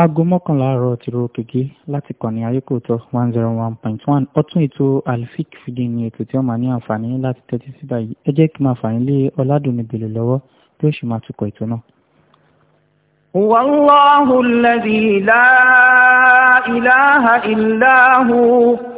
aago mọ́kànlá àárọ̀ ti ro kèké láti kànnì ayékòótọ́ one zero oh one point one ọtún ètò alfik fìdí ni ètò tí ó máa ní àǹfààní láti tẹ́tí sí báyìí ẹ jẹ́ kí n máa fààyàn lé ọ̀làdùnmí bèlè lọ́wọ́ bí ó sì máa tukọ̀ ètò náà. wàláhùn lẹ́dí láà ìláhà ìláhùn.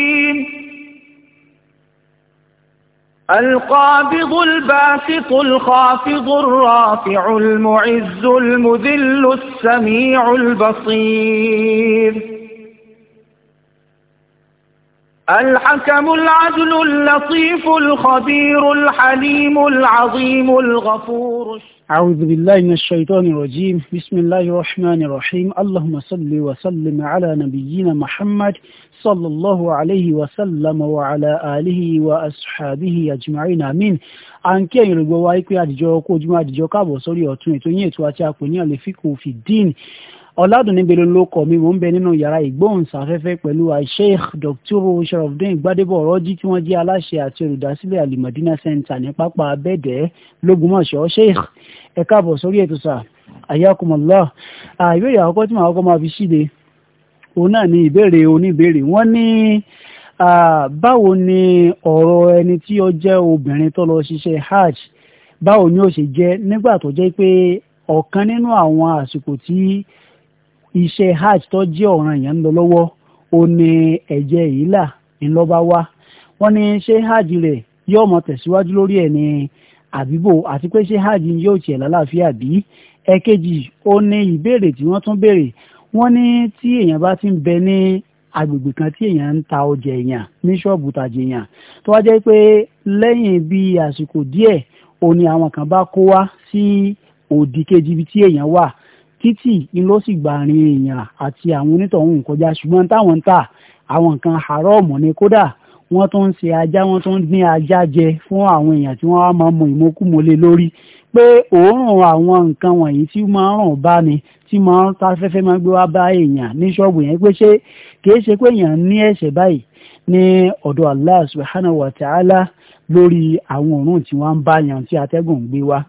القابض الباسط الخافض الرافع المعز المذل السميع البصير الحكم العدل اللطيف الخبير الحليم العظيم الغفور أعوذ بالله من الشيطان الرجيم بسم الله الرحمن الرحيم اللهم صل وسلم على نبينا محمد صلى الله عليه وسلم وعلى آله وأصحابه أجمعين آمين àǹkí ẹ̀yin olùgbọ́ wa wípé àdìjọ ọkọ̀ ojúmọ́ àdìjọ káàbọ̀ sórí ọ̀tún ètò yín ètò àti àpò ní àlefíkò fìdín ọ̀làdùnní bẹ̀rẹ̀ ló kọ̀ mi mò ń bẹ nínú yàrá ìgbóhùnsáfẹ́fẹ́ pẹ̀lú Sheikh Dr. Sharafdin Gbadebo Ọ̀rọ́jì tí wọ́n jẹ́ aláṣẹ àti olùdásílẹ̀ Alimadina Center ní pápá abẹ́dẹ́ lógúnmọ̀ṣọ́ Sheikh ẹ káàbọ̀ sórí ètò sà ayakumullah àìbéèrè àkọ́kọ́ tí màá kọ́ máa fi ṣíde òun náà ni ìbéèrè oníbéèrè wọ́n ní báwo ni ọ̀rọ̀ ẹni tí ó jẹ́ obìnrin tó lọ ṣiṣẹ́ hajj báwo ni ó ṣe jẹ́ nígbà tó jẹ́ pé ọ̀kan nínú àwọn àsìkò tí iṣẹ́ hajj tó jẹ́ ọ̀ràn yẹn ń lọ lọ́wọ́ ó ní ẹ̀jẹ̀ ìlà ńlọ́ba wá wọ́n ní ṣé hajj rẹ̀ yóò mọ tẹ̀síwájú lórí ẹ̀ ní àbíbò àti pé ṣé hajj yóò tiẹ̀ lálàáfíà bí ẹ̀kejì ó ní ìbéèrè tí wọ́n tún béèrè wọ́n ní tí èèyàn bá ti ń bẹ ní agbègbè kan tí èèyàn ń ta ọjà èèyàn ní ṣọ́ọ̀bù tàjì èèyàn tó wá jẹ́ pé lẹ́yìn bíi àsìkò díẹ̀ òun ni àwọn kan bá kó wá sí òdì kejì ibi tí èèyàn wà títì ni ló sì gba àárín èèyàn àti àwọn onítọ̀hún kọjá ṣùgbọ́n táwọn ń tà àwọn nǹkan àárọ̀mù ni kódà wọ́n tún ń ṣe ajá wọ́n tún ń dín ajá jẹ fún àwọn èèyàn tí wọ́n wá máa mọ ìmọ̀kùmọ̀lé lórí pé òórùn àwọn nǹkan wọ̀nyí tí máa ń rùn bá ni tí máa ń sáfẹ́fẹ́ máa ń gbé wá bá èèyàn ní ṣọ́ọ̀bù yẹn pé ṣé kìí ṣe pé èèyàn ní ẹ̀ṣẹ̀ báyìí ní ọ̀dọ̀ Allah subhanahu wa ta'ala lórí àwọn òórùn tí wọ́n ń bá yàn tí atẹ́gùn ń gbé wá.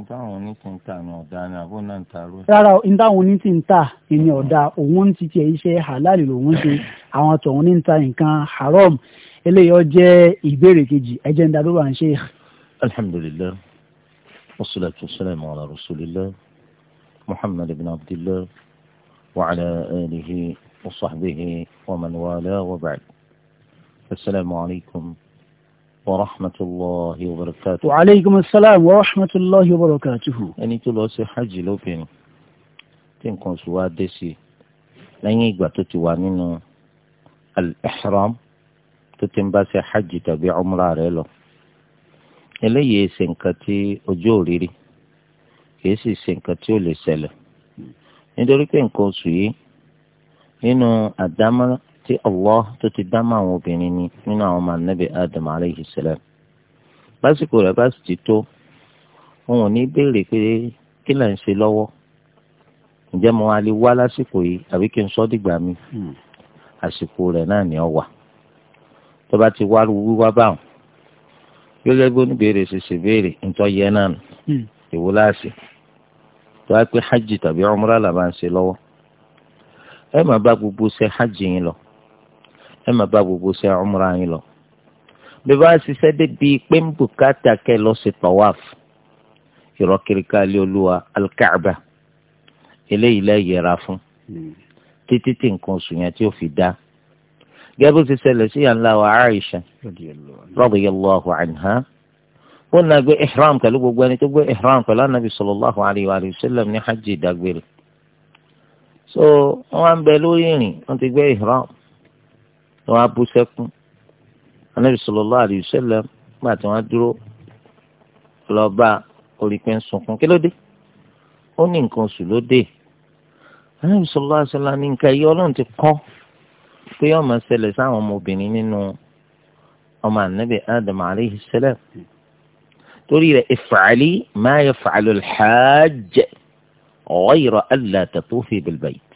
ìtàwọn onítìǹtà ni ọ̀dà ni àbó náà ń ta ró. rárá ni ọ̀dà òun ti tiẹ̀ iṣẹ́ halali lòun ṣe àwọn tọ̀hún ní ń ta nǹkan haram eléyìí ó jẹ́ ìbéèrè kejì ẹ̀jẹ̀ ń darúgbà ń ṣe. alhamdulillah wassalatu wassalamu ala rasulillah محمد بن عبد الله وعلى آله وصحبه ومن والاه وبعد السلام عليكم ورحمة الله وبركاته وعليكم السلام ورحمة الله وبركاته أني تلو سيحجي لو فين فين سواد ديسي لن يقبع تتوانين الإحرام تتن باسي حجي تبي عمره ريلو إلي يسنكتي أجوري kìí sì ṣe nǹkan tí ó lè ṣẹlẹ̀ nítorí pé nǹkan oṣù yìí nínú àdámọ́ tí Allah tó ti dámọ́ àwọn obìnrin ni nínú àwọn ọmọ anábì Adam alayhi salam lásìkò rẹ̀ bá sì ti tó wọn ò ní béèrè pé kí là ń ṣe lọ́wọ́ ǹjẹ́ mo wá lè wá lásìkò yìí àbí kí n sọ́ dìgbà mi hmm. àsìkò rẹ̀ náà ni ọ wà tó bá ti wá wíwá báwọn yóò lẹ́gbẹ́ oníbèrè ṣèṣe béèrè ntọ́ yẹ náà nù hmm tó wá pé hajj tàbí umra là bá ń ṣe lọ́wọ́ ẹ máa bá gbogbo ṣe hajj yín lọ ẹ máa bá gbogbo ṣe umra yín lọ bí bá ṣiṣẹ́ débi pé ń bùkátà kẹ́ lọ sí tawaf ìrọ̀ kiriká lé olúwa alkaaba eléyìí lẹ́ yẹra fún títí tí nǹkan oṣù yẹn tí ó fi dá gẹ́gẹ́ bó ti ṣẹlẹ̀ sí ìyá ńlá wa Aisha radiyallahu anha ó na gbé ihram pẹ̀lú gbogbo ẹni tó gbé ihram pẹ̀lú anabi sallallahu alayhi wa sallam ní hajj ìdágbére so wọ́n wá ń bẹ lórí ìrìn wọ́n ti gbé ihram wọ́n á bú sẹ́kún anabi sallallahu alayhi wa sallam gbà tí wọ́n dúró lọ bá orí pé ń sunkún kí ló dé ó ní nǹkan oṣù ló dé anabi sallallahu alayhi wa sallam ní nǹkan ẹyọ Ọlọ́run ti kọ́ pé yọọ máa sáwọn ọmọbìnrin nínú ọmọ anabi adam alayhi salam torí rẹ̀ ìfàálí máa yẹ fàálù lḥàjẹ ghayra allā tatūfī bil-bayt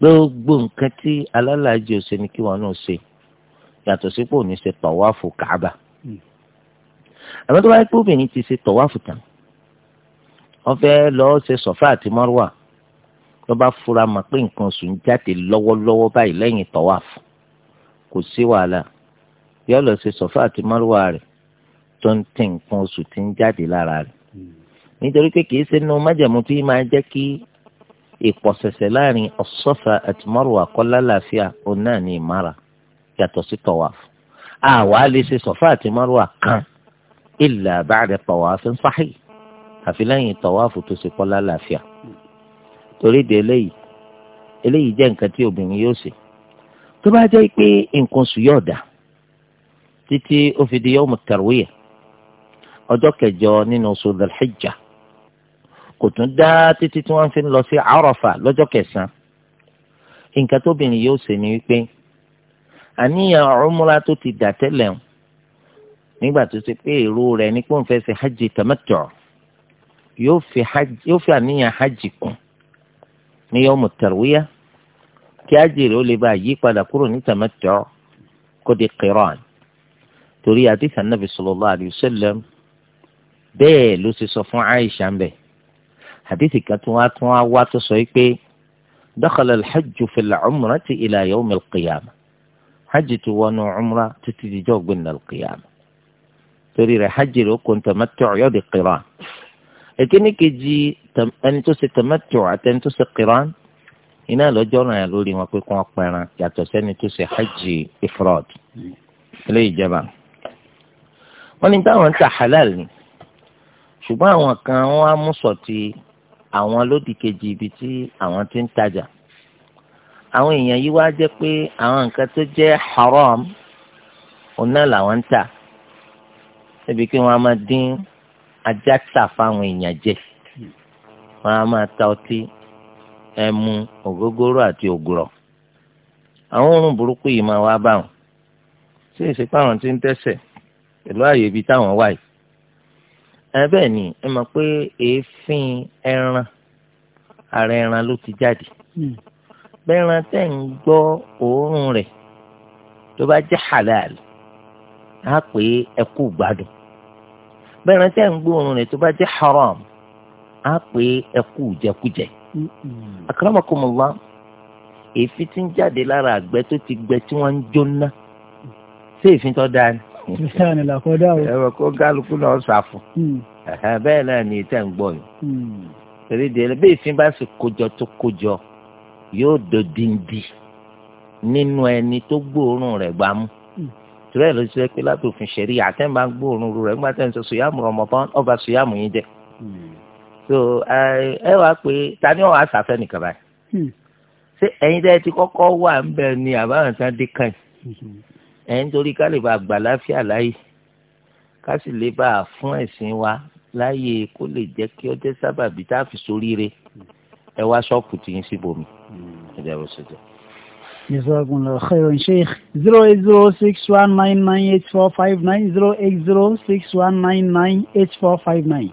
gbogbo nǹkan tí alálàájì ò ṣe ni kí wọn náà ṣe yàtọ̀ sípò ní ṣe tọ̀wáfù kàábà àmọ́ tó bá yẹ pé obìnrin ti ṣe tọ̀wáfù tán wọ́n fẹ́ lọ́ọ́ ṣe sọ̀fà àti mọ́rùwà tó bá fura mọ̀ pé nǹkan oṣù ń jáde lọ́wọ́lọ́wọ́ báyìí lẹ́yìn tọ̀wáfù kò sí wàhálà yóò lọ ṣe sọ̀fà àti mọ́rùwà rẹ̀ tó ń tì nǹkan oṣù tí ń jáde lára rẹ̀ hmm. nítorí pé kìí ṣe inú májẹ̀mú tí máa jẹ́ kí ìpọ̀sẹ̀sẹ̀ láàrin ọ̀sọ́fà àti mọ́rùwà kọ́lá làáfíà òun náà ní ìmára yàtọ̀ sí tọ̀wáfù àwa lè ṣe sọ̀fà àti mọ́rùwà kan ìlà ba'da tawafin sahih àfi lẹ́yìn tọ̀wáfù tó ṣe kọ́lá làáfíà torí de eléyìí eléyìí jẹ́ nǹkan tí obìnrin yóò ṣe tó bá jẹ́ pé nǹkan oṣù yóò dà títí ó fi di yawmu tarwiyah ọjọ́ kẹjọ nínú oṣù Dhul-Hijjah kò tún dá títí tí wọ́n fi ń lọ sí Àrafà lọ́jọ́ kẹsàn-án nǹkan tóbìnrin yóò ṣe ni wípé àníyàn ọ̀rọ̀múra tó ti dà tẹ́lẹ̀ ń nígbà tó ti pé èrò rẹ̀ ní pé òun fẹ́ ṣe hajj tamattu yóò fi àníyàn hajj kún ní yawmu tarwiyah kí hajj rẹ̀ ó lè bá yí padà kúrò ní tamattu kó di qiran torí àdìsàn nàbì sallallahu alayhi wa bẹ́ẹ̀ ló ṣe sọ fún Aisha ń bẹ̀ hadithi kan tún wá tún wá wá tó sọ yìí pé dakhala al-hajju fil umrati ila yawm al-qiyamah hajj ti wọnú umra títí dijọ́ gbẹ̀ndà al-qiyamah torí rẹ̀ hajj rẹ̀ ó kó tamattu yóò qiran èkíní kejì ẹni tó ṣe tamattu àti ẹni tó ṣe qiran iná lọ́jọ́ ràn lórí wọn pé kí wọ́n pẹran yàtọ̀ sẹ́ni tó ṣe hajj ifrad ilé ìjẹba wọn ni táwọn ń ta halal ni ṣùgbọ́n àwọn kan wọ́n á mú sọ̀tì àwọn lódì kejì ibi tí àwọn ti ń tajà àwọn èèyàn yìí wá jẹ́ pé àwọn nǹkan tó jẹ́ haram ọ̀nà làwọn ń tà ẹbí kí wọ́n á máa dín ajá tà fáwọn èèyàn jẹ wọ́n á máa ta ọtí ẹmu ògógóró àti ògùrọ̀ àwọn oorun burúkú yìí máa wá bá ṣé ìṣèpá àwọn ń tẹ̀sẹ̀ pẹ̀lú àyè ibi táwọn wà ẹ ni ẹ mọ̀ pé èéfín ẹran ara ẹran ló ti jáde hmm. bẹ́ẹ̀ran tẹ̀ ń gbọ́ òórùn rẹ̀ tó bá jẹ́ halal á pè é ẹ kú gbádùn bẹ́ẹ̀ran tẹ̀ ń gbọ́ òórùn rẹ̀ tó bá jẹ́ haram á pè é ẹ kú jẹkújẹ. Hmm. akramakumullah èéfín ti ń jáde lára àgbẹ̀ tó ti gbẹ tí wọ́n ń jóná sí èéfín tó dáa ni. sísan ìlà kọjá o. ẹ̀rọ kó kálukú náà ṣàfù hmm. bẹ́ẹ̀ náà ni tẹ̀ ń gbọ́ yìí èrèdè ẹ̀ bẹ́ẹ̀ fi bá sì kójọ tó kójọ yóò dòdìndì nínú ẹni tó gbóòórùn rẹ̀ gbámú hmm. torí ẹ̀ ló ṣe pé látòfin ṣẹ̀rí àtẹ̀mbá gbóòórùn rẹ̀ nígbà tẹ̀ ń sọ sùyàmù Ramadan ọba sùyàmù yín jẹ́ hmm. so ẹ wá pé ta ni ọ̀ wá sàfẹ́ nìkan báyìí ṣé ẹ̀yin tẹ́ ti kọ́kọ́ wà ń bẹ̀ ni àbáwọn tán dé kàn yìí ẹ̀ ń torí ká lè bá gbà láfíà láyè ká sì lè bá fún ẹ̀sìn wa láyè kó lè jẹ́ kí ọjọ́ sábàbí tá a fi soríire ẹ wá ṣọ́ọ̀pù tí ń síbòmí. Jazakum Allah khairan Sheikh 08061998459 08061998459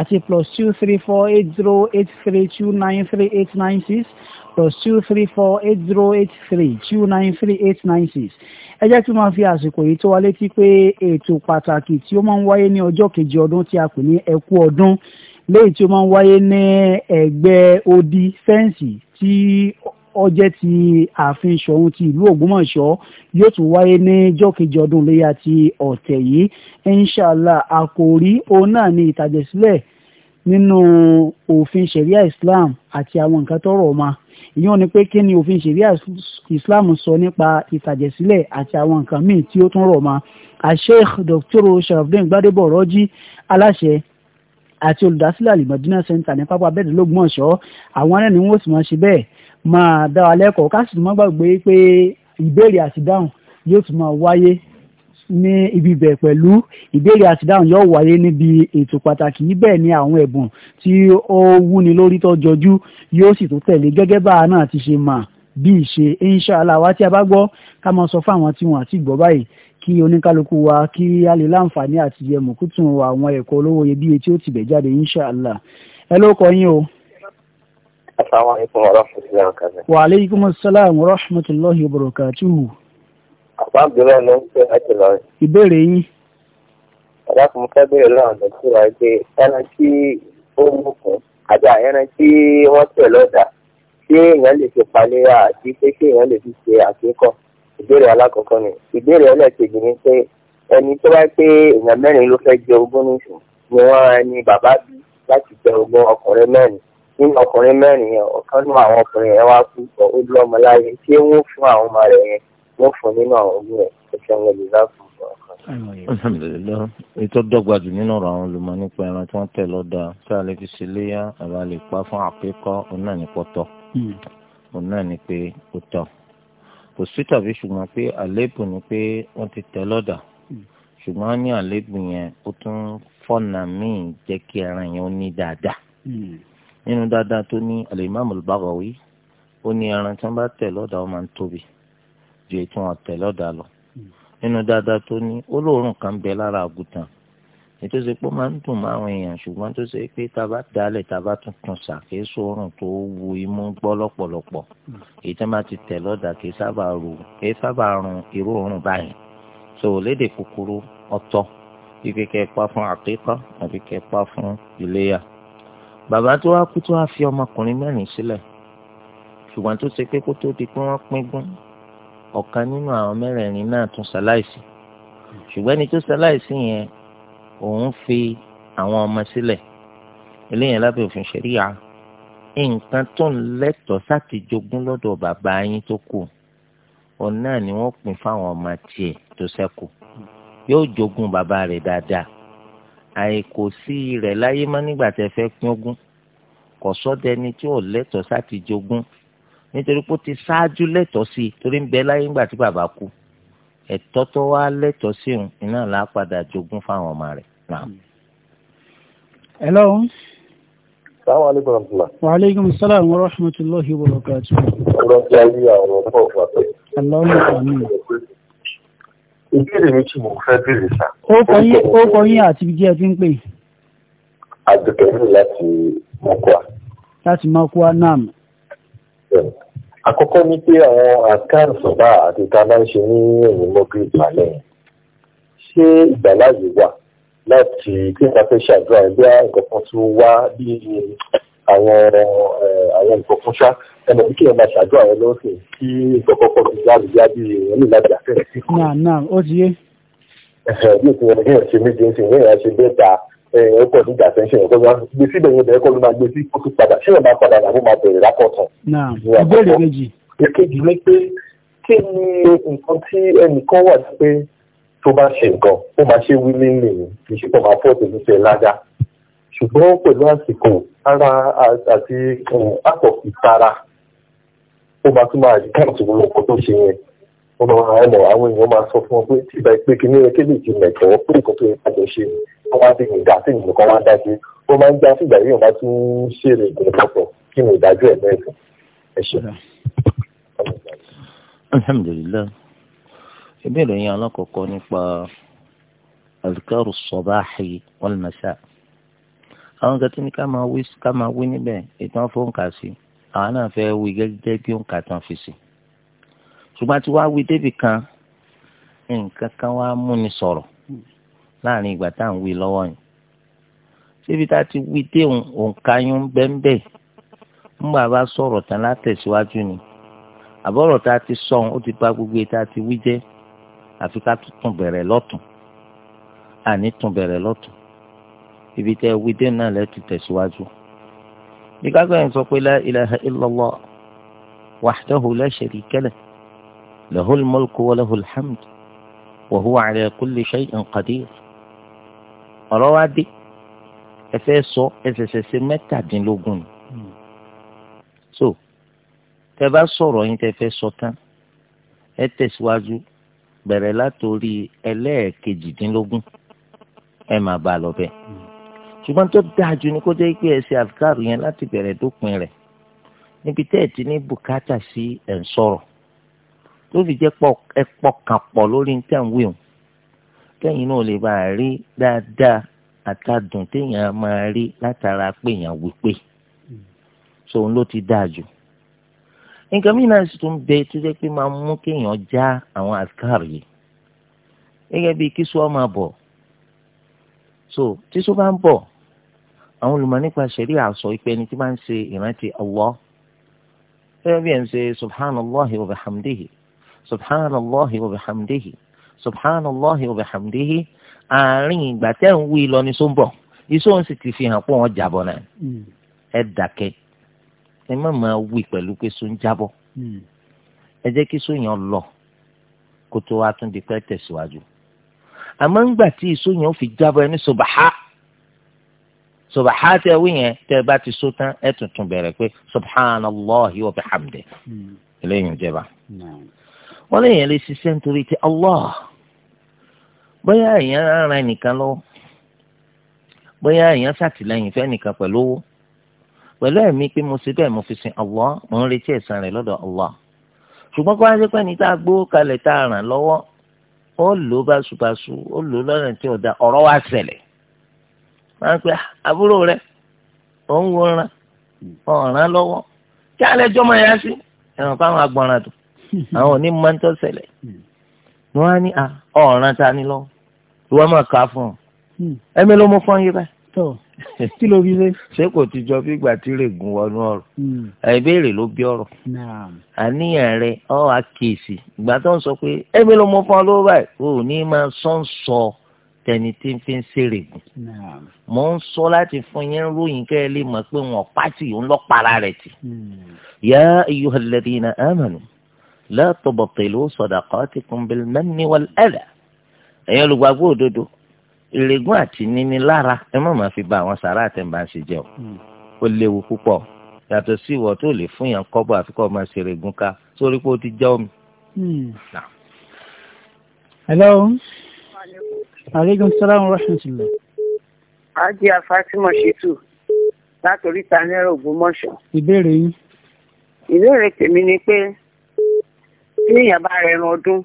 àti plus 2348083293896 plus two three four eight zero eight three two nine three eight nine six ẹ jẹ́ kí n máa fi àsìkò yìí tó wa létí pé ètò pàtàkì tí ó máa ń wáyé ní ọjọ́ kejì ọdún tí a pè ní ẹkú ọdún léyìí tí ó máa ń wáyé ní ẹ̀gbẹ́ odi fẹ́ǹsì tí ọjẹ́ ti ààfin ṣọ̀ún ti ìlú ògbómọ̀ṣọ́ yóò tún wáyé ní jọ́kejì ọdún léyà ti ọ̀tẹ̀ yìí inshallah àkòrí òun náà ni ìtàjẹ̀sílẹ̀ nínú òfin sharia islam àti àwọn nǹkan tọrọ ọmọ ìyẹn ni pé kí ni òfin ṣẹ̀ríà islam sọ nípa ìtàjẹ̀sílẹ̀ àti àwọn nǹkan míì tí ó tún rọ̀ mọ́ asheikh dr sharafdin gbadebo rọ́jí aláṣẹ àti olùdásílẹ̀ alimọ̀dínà center ní pápá bẹ́ẹ̀ lógún ọ̀ṣọ́ àwọn ẹni wọn sì máa ṣe bẹ́ẹ̀ máa dá wa lẹ́kọ̀ọ́ ká sì má gbàgbé pé ìbéèrè àti dáhùn yóò tún máa wáyé ní ibi bẹ̀ pẹ̀lú ìbéèrè àtidáhùn yóò wáyé níbi ètò pàtàkì yìí bẹ́ẹ̀ ni àwọn ẹ̀bùn tí ó wúni lórí tó jọjú yóò sì tó tẹ̀lé gẹ́gẹ́ bá a náà ti ṣe mà bí ìṣe inshallah wa tí a bá gbọ́ ká máa sọ fún àwọn tí wọn àti gbọ́ báyìí kí oníkálukú wa kí a lè láǹfààní àti yẹ mọ̀kútùn àwọn ẹ̀kọ́ olówó iyebíye tí ó ti bẹ̀ jáde inshallah ẹ àbábìrẹ ló ń pè láti lọ rìn. ìbéèrè yín. ọ̀dà kan mo fẹ́ béèrè lọ́wọ́ ọ̀dọ̀ tí wàá gbé ẹran tí ó mú fún àti ẹran tí wọ́n tẹ̀ lọ́dà ṣé èèyàn lè fi paléyà àti pé ṣé èèyàn lè fi ṣe àkíkọ̀ ìbéèrè alákọ̀ọ́kọ́ ni ìbéèrè ẹlẹ́ẹ̀kejì ni pé ẹni tó bá pé èèyàn mẹ́rin ló fẹ́ jẹ ogún nìṣó ni wọ́n ẹni bàbá bí láti jẹ ogún ọkùnrin mẹ́rin nínú ọkùnrin mẹ́rin yẹn ọ̀kan nínú àwọn ọkùnrin yẹn wá kú ọ ó lọ́mọ láyé ṣé wọ́n fún àwọn ọmọ rẹ̀ yẹn wọ́n fún nínú àwọn ogún rẹ̀ ẹ̀kẹ́ wọn lè láàfin fún ọkàn. alhamdulilayi ètò dọ́gba jù nínú ọ̀rọ̀ àwọn olùmọ̀ nípa ẹran tí wọ́n tẹ̀ lọ́dà tá a lè fi ṣe léyà àbá lè pa fún àpékọ́ òun náà ní pọ̀tọ́ hmm. òun náà ní pé ó tọ̀ kò sí tàbí ṣùgbọ́n pé àléébù ni pé wọ́n ti tẹ̀ lọ́dà hmm. ṣùgbọ́n ní àléébù yẹn ó tún fọ́nà míì jẹ́ kí ẹran yẹn ó ní dáadáa hmm. nínú dáadáa tó ní al-Imam al-Baghawi ó ní ẹran tí wọ́n bá tẹ̀ lọ́dà ó máa ń tóbi. Mm ju ètò ọ̀tẹ̀ lọ́dà lọ nínú dáadáa tó ní olóòórùn kan bẹ lára àgùntàn ètò ṣe pé ó máa ń dùn mọ́ àwọn èèyàn ṣùgbọ́n tó ṣe pé tá a bá dalẹ̀ tá a bá tuntun ṣàkíyèsí oorun tó wu imú gbọ́ lọ́pọ̀lọpọ̀ èyí tó máa ti tẹ̀ lọ́dà kì í sábà rù kì í sábà rùn irú oorun báyìí tó o léde kúkúrú ọ̀tọ̀ kíkẹ́ kẹ́ pa fún àkíkọ́ àbí kẹ́ pa fún iléyà. bàbá tó wá kú tó wá fi ọmọkùnrin mẹ́rin sílẹ̀ ṣùgbọ́n tó ṣe pé kó tó di pé wọ́n pín gún ọ̀kan nínú àwọn mẹ́rẹ̀ẹ̀rin náà tún ṣaláìsí ṣùgbọ́n ẹni tó ṣaláìsí yẹn òun fi àwọn ọmọ sílẹ̀ eléyẹn lábẹ́ òfin ṣẹ̀ríyà nǹkan tó ń lẹ́tọ̀ọ́ sáti jogún lọ́dọ̀ bàbá yín tó kù òun náà ni wọ́n pín fáwọn ọmọ tiẹ̀ tó ṣẹ́kù yóò jogún bàbá rẹ̀ dáadáa àìkò sí rẹ̀ láyé mọ́ nígbà tẹ́ fẹ́ pín ogún kò sọ́dẹni tí ò lẹ́tọ̀ọ́ sáti jogún nítorí pé ó ti ṣáájú lẹ́tọ̀ọ́ sí i torí ń bẹ láyé ńgbà tí bàbá kú ẹ̀tọ́ tó wá lẹ́tọ̀ọ́ sí òun iná là á padà jogún fáwọn ọmọ rẹ̀ náà. hello. Assalamu alaikum warahmatullah. Wa alaikum assalam wa rahmatullahi wa barakatuh. Ọlọ́dún ayé Ìbéèrè mi tí mo fẹ́ béèrè sá. Ó kọ yín àti ibi díẹ̀ tí ń pè. Àdùkẹ́ mi láti Mọ́kúà. Láti Mọ́kúà náà àkọ́kọ́ ní pé àwọn àkáǹtì bá àti tá a bá ń ṣe ní ẹ̀yìn mọ́gírì ìpàlẹ́ yẹn ṣé ìgbàláyè wà láti kí n fẹ́ ṣàdúrà ẹgbẹ́ nǹkan kan tó wá bí àwọn àwọn nǹkan kan ṣá ẹnì pé kí ẹ máa ṣàdúrà rẹ lọ́sìn kí nǹkan kan kan fi jáde já bí èèyàn ní ìlàjà fẹ́ẹ̀ náà náà ó ti yé. ẹ̀sẹ̀ ní ìpínlẹ̀ ní ìṣe méje ń sìn bẹ́ẹ̀ dáa ọkọ̀ eh, ní ìjà tẹ́ńṣẹ̀ ọkọ̀ ní gbé síbẹ̀ yẹn bẹ̀rẹ̀ kọ́ ló máa gbé sí kó tún padà ṣé ìyẹn máa padà làbó máa bẹ̀rẹ̀ lákọ̀tàn. ìbéèrè méjì. èkejì ni pé kí ni nǹkan tí ẹnìkan wà sí pé tó bá ṣe nǹkan ó máa ṣe wílé lè ní kì í ṣe pọ̀ máa fọ́ òtún ṣe lága ṣùgbọ́n pẹ̀lú àsìkò ara àti àtọ̀ eh, ìtara ó máa tún máa dìkáàtì gbogbo nǹkan tó ṣe yẹn wọ́n máa ọmọ àwọn èèyàn máa sọ fún wọn pé tí ìgbà pé kí ní ẹkẹ́lẹ́ ìjìnlẹ̀ jọ̀wọ́ pé nǹkan tó yẹ ká jọ ṣe ni tó wá sí ìgbà tí ìgbìmọ̀ kan wá dá sí ó máa ń já sí ìgbà yóò bá tún ṣèrè ìgbìmọ̀pọ̀ kí ni ìdájọ́ ẹ̀ mẹ́rin ẹ ṣe. alhamdulilayi ìbéèrè yẹn alákọ̀ọ́kọ́ nípa azikaru sọ̀báàhì wàlùmọ̀ṣá àwọn kan tí ní ká máa wí ká máa wí níbẹ̀ ìtàn fóńkà sí àwọn náà fẹ́ wí gẹ́gẹ́ bí òǹkà tán fi sí ṣùgbọ́n tí wàá wí débì kan nǹkan kan wàá múni sọ̀rọ̀ láàrin ìgbà tá à ń wí lọ́wọ́ yìí síbi tá a ti wí dé òǹkà yún bẹ́ńbẹ́ ń bàbá sọ̀rọ̀ tán látẹ̀síwájú ni àbọ̀rọ̀ tá a ti sọ ó ti bá gbogbo tá a ti wí jẹ́ àfi ká tún bẹ̀rẹ̀ lọ́tún àní tún bẹ̀rẹ̀ lọ́tún ibi tẹ́ wí dé náà lẹ́tù tẹ̀síwájú. bí kágbẹ́yìn sọ pé la ilaha illallah wahdahu la sharika lah lahul mulku wa lahul hamd wa huwa ala kulli ọ̀rọ̀ wa dé ẹ fẹ́ sọ ẹsẹ̀sẹ̀sẹ̀ mẹ́tàdínlógún ni hmm. so tẹ bá sọ̀rọ̀ yín tẹ fẹ́ sọ tán ẹ tẹ̀síwájú bẹ̀rẹ̀ látòrí ẹlẹ́ẹ̀kejìdínlógún ẹ máa bá a lọ bẹ́ẹ̀ hmm. ṣùgbọ́n tó dáa jù ni kó jẹ́ pé ẹ ṣe àfikàrù yẹn láti bẹ̀rẹ̀ dópin rẹ̀ níbi tẹ́ ẹ̀ ti ní bùkátà sí ẹ̀ ń sọ̀rọ̀ tó fi jẹ́ pọ̀ ẹ pọ̀ kàn pọ̀ lórí ní tẹ̀ ń wíwọ̀n kẹ́yìn náà lè bá a rí dáadáa àtàdùn téèyàn máa rí látara péèyàn wípé sòun ló ti dáa jù nǹkan mìíràn sì tún bẹ tó jẹ́ pé máa mú kéèyàn já àwọn àkàrà yìí gẹ́gẹ́ bíi kí sọ́ọ́ máa bọ̀ so tí sọ́ọ́ bá ń bọ̀ àwọn olùmọ̀ nípa ṣẹ̀rí àṣọ ìpẹni tí máa ń ṣe ìrántí Allah gẹ́gẹ́ bí ẹ̀ ń ṣe subhanallahi wa bihamdihi subhanallahi wa bihamdihi subhanallahi wa bihamdihi àárín ìgbà tẹ́ ń wí lọ ní sóńbọ̀ iṣẹ́ sì ti fi hàn pé wọ́n jábọ̀ náà hmm. ẹ dákẹ́ ẹ má máa wí pẹ̀lú pé sún jábọ̀ hmm. ẹ jẹ́ kí sún yẹn lọ kó tó wá tún di pẹ́ tẹ̀síwájú àmọ́ ńgbà tí iṣẹ́ yẹn fi jábọ̀ ẹ ní subaha subaha tẹ wí yẹn tẹ bá ti sọ tán ẹ tuntun bẹ̀rẹ̀ pé subhanallahi wa bihamdihi hmm. eléyìí ń wọ́n lè yẹn lè ṣiṣẹ́ nítorí ti allah. bóyá èèyàn ara ẹnìkan lọ́wọ́ bóyá èèyàn ṣàtìlẹ́yìn nìkan pẹ̀lú owó pẹ̀lú ẹ̀mí pé mo ṣe bẹ́ẹ̀ mo fi sin Allah mo ń retí ẹ̀san rẹ̀ lọ́dọ̀ Allah ṣùgbọ́n kó wá sí pé ràn lọ́wọ́ ó lò ó ó lò ó lọ́nà ọ̀rọ̀ wá ṣẹlẹ̀ máa ah, ń rẹ̀ ń hmm. wọn á ní à ah, ọ̀ràn ta ni lọ ìwọ máa kà á fún ọ hmm. ẹmí ló mú fún yín kí ló ṣé kò ti jọ bí ìgbà tí rè wọnú hmm. ìbéèrè ló bí àníyàn ọ ìgbà tó ń sọ ọ báyìí o ò ní sọ láti fún yín ròyìn kẹ́ ẹ lè wọn rẹ̀ tì hmm. yá لا تبطلوا sadaqatikum bil والأذى. wal adha دودو. اللي òdodo نيني àti níní ما في بعض وسارات fi ba àwọn sàrà àtẹ̀mbáṣe jẹ́ o hmm. ó léwu púpọ̀ yàtọ̀ sí ìwọ tó lè fún yàn kọ́bọ̀ àfi kọ́ máa ṣèrègùn ká sórí pé ó ti jẹ́ omi. Hmm. hello. aleykum salaam wa rahmatulah. ajé afatima ṣètò látòrí ta náírà ògbómọ̀ṣọ́. ìbéèrè yín. ìbéèrè tèmi ni pé níyàn bá rẹran ọdún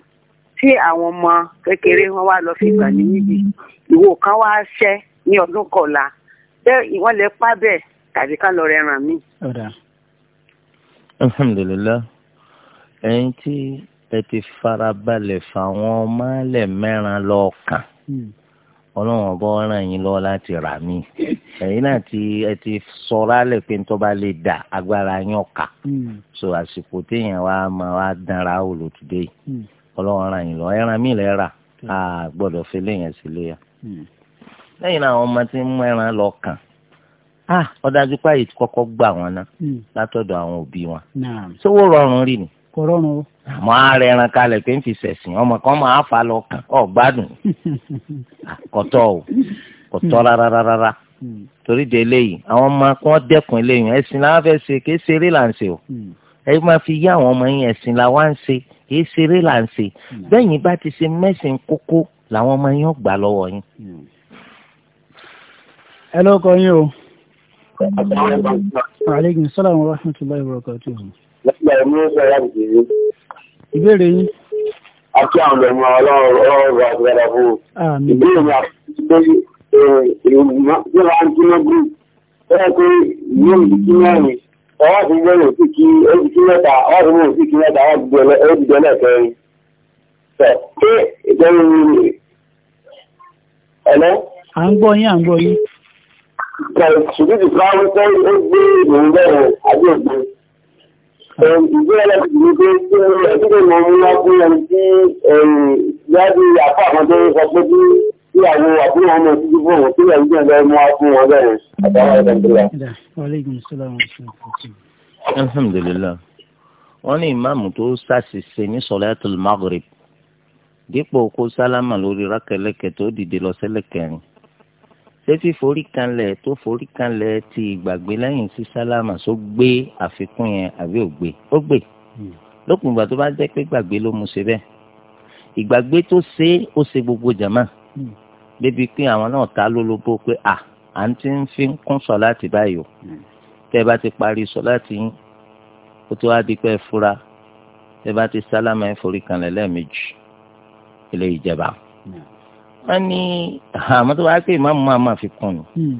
tí àwọn ọmọ kékeré wọn wá lọ fi gbà ní níbi ìwo kan wá ṣẹ ní ọdún kọlà bẹ́ẹ̀ wọn lè pa bẹ́ẹ̀ tàbí ká lọ rẹran mi. alhamdulilayi ẹ̀yin tí ẹ ti farabalẹ̀ fà wọ́n máa mẹ́ran lọ́ọ̀kan. Hmm ọlọ́run ọba ọ̀ràn yín lọ́wọ́ láti rà mí ẹ̀yin náà ti ẹ ti sọ̀rọ̀ alẹ́ pé tó bá lè dà agbára yín ọ̀ka hmm. so àsìkò téèyàn wá máa wá dánra olùtúndé yìí hmm. ọlọ́run ọ̀ràn yín lọ́wọ́ ẹran mi lẹ́ rà á hmm. gbọ́dọ̀ fi léèyàn sí léyà lẹ́yìn náà àwọn ọmọ tí ń mú ẹran lọ kàn á ah, ọ̀dájú páyì kọ́kọ́ gbà wọn ná látọ̀dọ̀ àwọn òbí wọn sówó rọrùn rí ni. kò o. àmọ́ ààrẹ ẹran kalẹ̀ pé ń fi sẹ̀sìn ọmọ kan máa fa lọ kàn ọ́ gbádùn kọ́tọ́ o torí de eléyìí àwọn ọmọ kan dẹ́kun eléyìí ẹ̀sìn làwọn fẹ́ ṣe kì í là ń ṣe o hmm. ẹ máa fi yá ọmọ ẹ̀sìn làwọn ń ṣe kì í hmm. bẹ́ẹ̀ bá ti ṣe mẹ́sìn kókó làwọn ọmọ gbà lọ́wọ́ yín. ẹ hmm. lọ́kọ yín o. salaam wa lọ́sílẹ̀ ẹ̀mí ó sọ láti kéré. ìbéèrè yín. a kí àwọn ọmọ ọlọ́run ọlọ́run àgbàdà fún un. ìbéèrè mi àti ìgbésí ìwà antinogru bẹ́ẹ̀ pé yóò di kí mẹ́rin ọwọ́ àti ìgbẹ́ yóò sì kí ó di kí mẹ́ta ọwọ́ àti ìgbẹ́ yóò sì kí mẹ́ta ọwọ́ àti ìgbẹ́ lẹ́ẹ̀kẹrin. ṣé ìgbẹ́rin mi ẹ̀lẹ́. à ń gbọ́ yín à ń gbọ́ yín. ṣùgbọ́n ìfọwọ́sẹ́ ó gbé ìròyìn bẹ́ẹ̀ àbí ògbó ìwé ẹlẹ́sìn ní pé kí ni ẹ̀dúgbò mọ̀ mú wá fún ẹni tí yáàbí àpá àwọn tó ń sọ pé wọ́n ní ìmáàmù tó ṣàṣìṣe ní sọ̀láàtù magrib dípò kó sálámà lórí rákẹ́lẹ́kẹ́ tó dìde lọ sẹ́lẹ̀kẹ́rin ṣé fíforí kanlẹ̀ tó forí kanlẹ̀ ti ìgbàgbé lẹ́yìn sí sálámà só gbé àfikún yẹn àbí ò gbé ó gbé hmm. lókùn ìgbà tó bá jẹ́ pé gbàgbé ló mú ṣe bẹ́ẹ̀ ìgbàgbé tó ṣe ó ṣe gbogbo jàmá hmm. débi pé àwọn náà ta lólobó pé à à ń ti fi kún sọ láti báyìí o hmm. tẹ́ ẹ bá ti parí sọ láti yín ó tó wá di pé ẹ fura tẹ́ ẹ bá ti sálámà ẹ forí kanlẹ̀ lẹ́ẹ̀mejì ilé ìjẹba wọ́n ní àmọ́ tó wáá pé ìmáàmù máa máa fi kún ni hmm.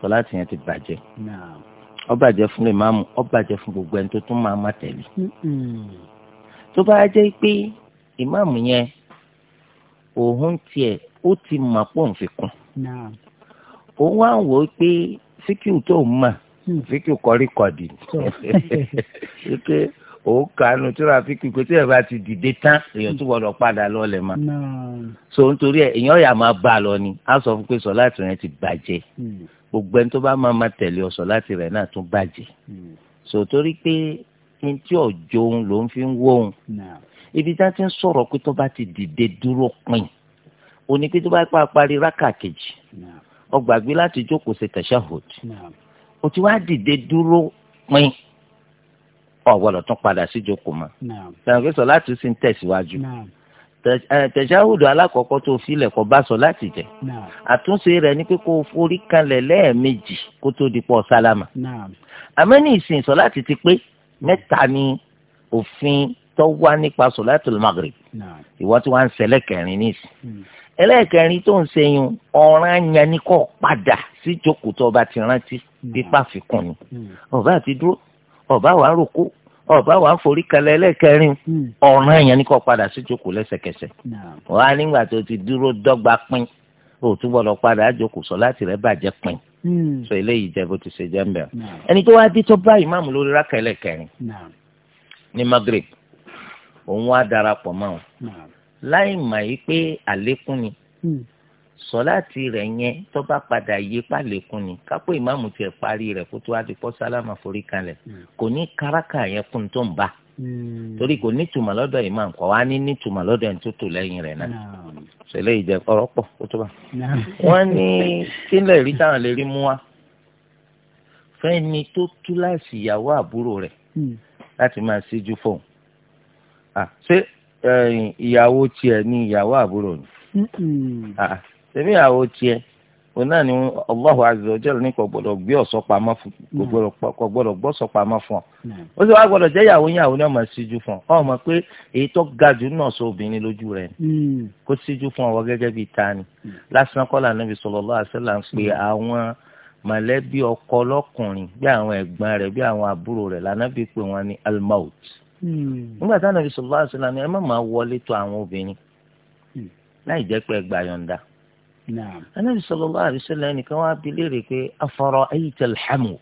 sọlá ti yẹn ti bàjẹ́ ó bàjẹ́ fún ìmáàmù ó bàjẹ́ fún gbogbo ẹni tó tún máa máa tẹ̀lé hmm. tó bá jẹ́ pé ìmáàmù yẹn òun tiẹ̀ ó ti mọ̀ pọ̀ ń fi kún òun wá ń wò ó pé síkìú tó ń mọ̀ síkìú hmm. kọ́ríkọ́dì ni ó kanu tírafíkì pé tí ẹ bá ti dìde tán èèyàn hmm. tún gbọ́dọ̀ padà lọlẹ mà so nítorí ẹ èèyàn yà máa bá a lọ ni á sọ fún pé sọláàtì rẹ ti bàjẹ́ hmm. gbogbo ẹni tó bá máa ma tẹ̀lé ọ sọláàtì rẹ náà tún bàjẹ́ hmm. so torí pé ní tí ọjọ́ òun ló ń fi ń wó òun ibi tá ti ń sọ̀rọ̀ pé tó bá ti dìde dúró pin òní pé tó bá pa parí rákà kejì ó láti jókòó ṣe tashahhud ó ti wá dìde dúró pin ọ̀ gbọ́dọ̀ tún padà sí jókòó mọ́. sọ̀rọ̀ sọ láti sì ń tẹ̀síwájú. tẹ̀síwájú alákọ̀ọ́kọ́ tó filẹ̀ kọ́ bá sọ láti jẹ́. àtúnṣe rẹ̀ ni pé kó forí kanlẹ̀ lẹ́ẹ̀mejì kó tó di pọ̀ sálámà. àmọ́ ní ìsìn sọ láti ti pé mẹ́ta ni òfin tó wá nípa sọ láti Maghrib. ìwọ tí wọ́n ń ṣẹlẹ̀ kẹrin ní ìsìn. Hmm. ẹlẹ́ẹ̀kẹrin tó ń ṣeyun ọ̀ràn yẹn ni kó padà sí jókòó tó bá ti rántí pípa fikùn ni. ọ̀bá hmm. àti dúró ọba wàá rúkú ọba wàá forí kalẹ̀ ẹlẹ́kẹrin hmm. ọ̀ràn èèyàn ní kò padà sí jókòó lẹ́sẹ̀kẹsẹ̀ wàá nígbà tó ti dúró dọ́gba pín o tún gbọ́dọ̀ padà jókòó sọ láti rẹ bàjẹ́ pín hmm. so eléyìí jẹ bó ti ṣe jẹ mbẹ ẹni tó wá dé tó bá ìmáàmù lórí rákà ẹlẹ́kẹrin ní Maghrib òun wá darapọ̀ mọ́ ọ láì mà yí pé àlékún ni hmm sọláàtì rẹ̀ yẹn tó bá padà yí pálẹ̀kùn ni kápò ìmáàmù tiẹ̀ parí rẹ̀ kó tó wá di pọ́sálámà forí kalẹ̀ hmm. kò ní kárákà yẹn kún tó ń bá hmm. torí kò ní tùmọ̀ lọ́dọ̀ ìmáàmù kò wá ní ní tùmọ̀ lọ́dọ̀ ẹni tó tò lẹ́yìn rẹ̀ náà ṣẹlẹ̀ ìjẹ ọ̀rọ̀ pọ̀ kó tó bá. wọ́n ní kílẹ̀ rí táwọn lè rí mú wa fẹ́ni tó tú láìsí ìyàwó àbúrò rẹ̀ hmm. láti máa ṣíjú fóun ṣé ìyàwó tiẹ̀ ni ìyàwó àbúrò ni sẹ́mi àwọ̀ tiẹ̀ òun náà ni Allahu azza ní kò gbọ́dọ̀ gbé ọ̀sọ́ pamọ́ fún kò hmm. gbọ́dọ̀ gbọ́sọ̀ pamọ́ fún ọ. Hmm. ó sì wá jẹ́ ìyàwó ìyàwó náà máa síjú fún ọ ọ pé èyí tó ga jù náà sọ obìnrin lójú rẹ ni hmm. kó síjú fún ọwọ́ gẹ́gẹ́ bíi ta ni lásán kọ́lá ń pe àwọn mọ̀lẹ́bí ọkọ lọ́kùnrin bí àwọn ẹ̀gbọ́n rẹ bí àwọn àbúrò lànà bíi pé wọn ní almaut nígbà táwọn Nabi sallallahu ni ẹ má máa anabi sallallahu alaihi wasallam ẹnìkan wá bi léèrè pé afara'ayta alhamu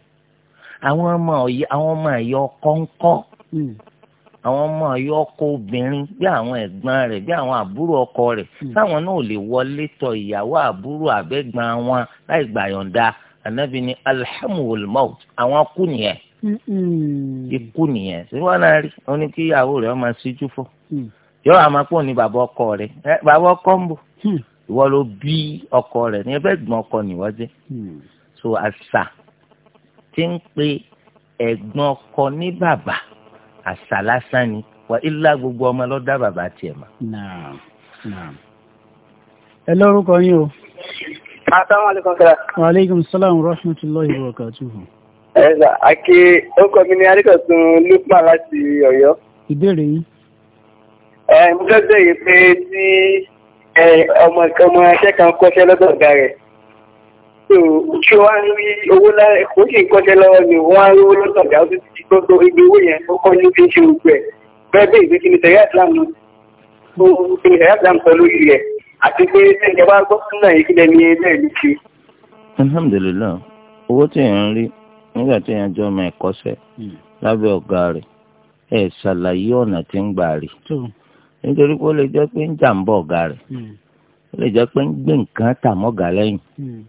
àwọn ọmọ ọyẹ àwọn ọmọ ẹyọ kọńkọ hmm. àwọn ọmọ ọyọ ọkọ obìnrin bí àwọn ẹ̀gbọ́n rẹ̀ bí àwọn àbúrò ọkọ rẹ̀ hmm. táwọn náà lè wọlé tọ ìyàwó àbúrò àbẹ̀gbọ́n wọn láì gbàyọ̀ǹda anabi ni alhamu olmaut àwọn akú nìyẹn hmm. ikú nìyẹn ṣùgbọ́n náà rí wọn ní kí ìyàwó rẹ̀ ọmọ síjú fún yọ àmọ́ pọ̀ ní bàbá ọkọ rẹ̀ bàbá ọkọ ń bọ̀ ìwọ ló bí ọkọ rẹ̀ ní ẹgbẹ́ ẹ̀gbọ́n ọkọ nìwọ́ jẹ́ hmm. so àṣà ti ń pe ẹ̀gbọ́n ọkọ ní bàbá àṣà lásán ni wà ilá gbogbo ọmọ ló dá bàbá tiẹ̀ mọ̀. ẹ lórúkọ yín o. asalaamualeykum sara. waaleykum salaam wa rahmatulahi wa barakatuhu. ẹ ẹ àkè ọkọ mi ni adékọ̀tún Lukman láti Ọ̀yọ́. ìbéèrè yín. ẹ mo fẹ́ bẹ̀rẹ̀ pé tí ọmọ ìkan ọmọ ẹṣẹ́ kan kọ́ṣẹ́ lọ́dọ̀ ọ̀gá rẹ̀ tí wọ́n ń rí owó lára kò sì ń lọ́wọ́ ni wọ́n ń rí owó lọ́dọ̀ ọ̀gá ó ti ti tó tó ibi owó yẹn ó kọ́ ní fi ń ṣe gbogbo ẹ̀ bẹ́ẹ̀ bẹ́ẹ̀ ìgbésí ni tẹ̀yà ìsìlámù tó ní tẹ̀yà ìsìlámù pẹ̀lú ìrẹ̀ àti pé ìjọba gbọ́ sínú ìkílẹ̀ ní ẹgbẹ́ ìlú ṣe. alhamdulilayi owó tí èèyàn ń rí nígbà tí èèyàn jọ ọmọ ẹ̀kọ́ṣẹ́ hmm. lábẹ́ ọ̀gá rẹ̀ ẹ̀ ṣàlàyé ọ̀nà tí ń gbà rí nítorí pé ó lè jẹ́ pé ń jà ń bọ̀ ọ̀gá rẹ̀ hmm. ó lè jẹ́ pé ń gbé nǹkan tà mọ́gà lẹ́yìn hmm.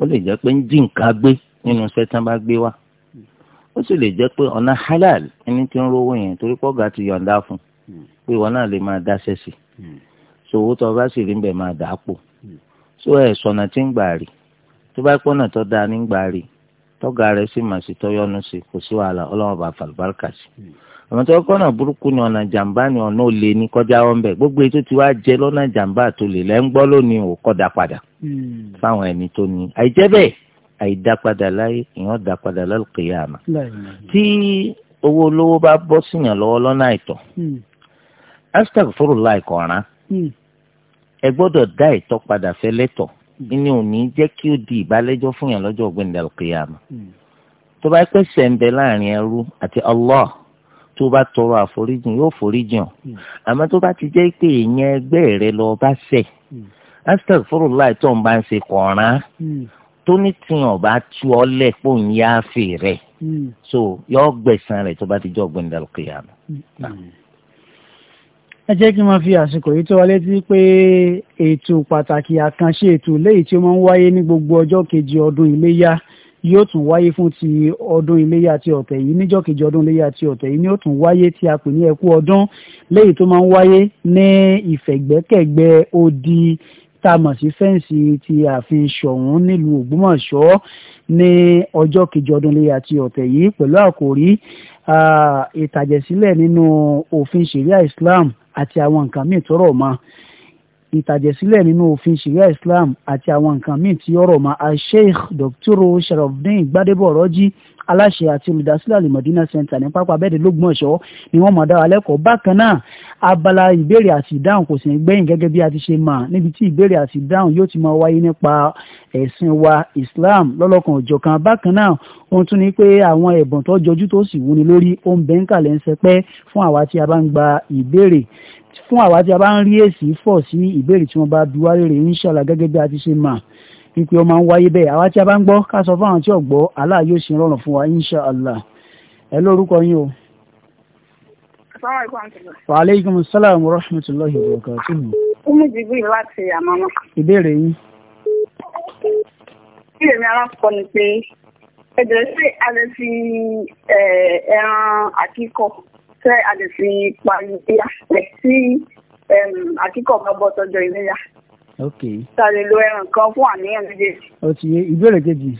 ó lè jẹ́ pé ń jí nǹkan gbé nínú iṣẹ́ tí wọ́n bá gbé wá hmm. ó sì lè jẹ́ pé ọ̀nà halal ẹni tí ń rówó yẹn torí pé ọ̀gá ti yọ̀ǹda fún pé ìwọ náà lè máa dáṣẹ́ so sòwò tó bá sì rí bẹ̀ máa dà á pò só ẹ̀ sọ̀nà tí ń gbà rí tó bá pọ́nà tó dáa ní gbà rí tọ́gà rẹ̀ sì mà sí tọ́yọ́nu sí kò sí wàhálà ọlọ́run bá fàlùbáríkà sí àwọn tó kọ́ ọ̀nà burúkú ni ọ̀nà jàǹbá ni ọ̀nà olè ní kọjá wọn gbogbo ètò tí wàá jẹ lọ́nà jàǹbá tó lè lẹ́ ń gbọ́ lónìí ò kọ́dà padà hmm. fáwọn ẹni tó ní àìjẹ́ bẹ́ẹ̀ àìdá padà láyé ìyẹn ọ̀dà padà lálùkìyàmà tí owó olówó bá bọ́ síyàn lọ́wọ́ lọ́nà àìtọ́ hmm. hmm. ẹ gbọ́dọ̀ dá ìtọ́ padà fẹ́ lẹ́tọ̀ inú jẹ́ kí ó di ìbálẹ́jọ́ lọ́jọ́ ọ̀gbìn tó bá pẹ́ sẹ́ńbẹ́ tó bá tọrọ àforíjìn yóò foríjìn hmm. àmọ́ tó bá ti jẹ́ pé èèyàn ẹgbẹ́ rẹ lọ bá ṣẹ̀ hmm. astaghfirullah tó ń bá ń ṣe kọ̀ọ̀rán hmm. tó ní tiwọn bá tú ọ lẹ̀ pò ń yá fè rẹ̀ so yọ gbẹ̀san rẹ̀ tó bá ti jọ gbẹ̀ndàlù kìyàmù. ẹ jẹ́ kí n máa fi àsìkò yìí tó wa létí pé ètò pàtàkì àkànṣe ètò léyìí tí ó máa ń wáyé ní gbogbo ọjọ́ kejì ọdún iléyá yóò tún wáyé fún ti ọdún iléyà àti ọ̀tẹ̀ yìí níjọ́ kejì ọdún iléyà àti ọ̀tẹ̀ yìí ni ó tún wáyé tí a pè ní ẹkú ọdún léyìí tó máa ń wáyé ní ìfẹ̀gbẹ́kẹ̀gbẹ́ odi tá a mọ̀ sí fẹ́ǹsì ti ààfin ṣọ̀ún nílùú Ògbómọ̀ṣọ́ ní ọjọ́ kejì ọdún iléyà àti ọ̀tẹ̀ yìí pẹ̀lú àkòrí ìtàjẹ̀sílẹ̀ nínú òfin ṣẹ̀ríà Islam àti àwọn nǹkan míì tọ́rọ̀ mọ́ ìtàjẹ̀sílẹ̀ nínú òfin sharia islam àti àwọn nǹkan míì tí ọ̀rọ̀ ma a sheikh dr sharafdin gbadebo ọ̀rọ̀jì aláṣẹ àti olùdásílẹ̀ alimọ̀dínà center ní pápá abẹ́ẹ̀dẹ̀ lọ́gbọ̀nsọ́ ni wọ́n mọ̀ dára lẹ́kọ̀ọ́ bákan náà abala ìbéèrè àti ìdáhùn kò sì ní gbẹ̀yìn gẹ́gẹ́ bí a ti ṣe mà níbi tí ìbéèrè àti ìdáhùn yóò ti máa wáyé nípa ẹ̀sìn wa islam lọ́lọ́kan òjọ̀kan bákan náà ohun tún ni pé àwọn ẹ̀bùn tó jọjú tó sì wúni lórí ó ń bẹ́ńkà lẹ́ńsẹ̀ fún àwa tí a bá ń gba ìbéèrè fún àwa tí a bá ń rí èsì fọ̀ sí ìbéèrè tí wọ́n bá bi wá léèrè inshallah gẹ́gẹ́ bí a ti ṣe mà pípé ọmọ ń wáyé bẹ́ẹ̀ àwa tí a bá ń gbọ́ ká sọ fún àwọn tí ò gbọ́ Allah yóò ṣe rọrùn fún wa inshallah ẹ lórúkọ yín o. wa aleykum salaam wa rahmatulahi wa barakatuhu. umu jibu láti àmàmà. ìbéèrè yín. ìbéèrè mi alákọ̀ọ́ ni pé ẹ̀jẹ̀ ṣé a lè fi eh, ẹran àkíkọ̀ tẹ́ a lè fi parí ìyá rẹ̀ sí àkíkọ̀ bá bọ́ sọ́jọ́ ìléyà. ta lè lo ẹran kan fún àníyàn méjèèjì. ó ti yé ìbéèrè kejì.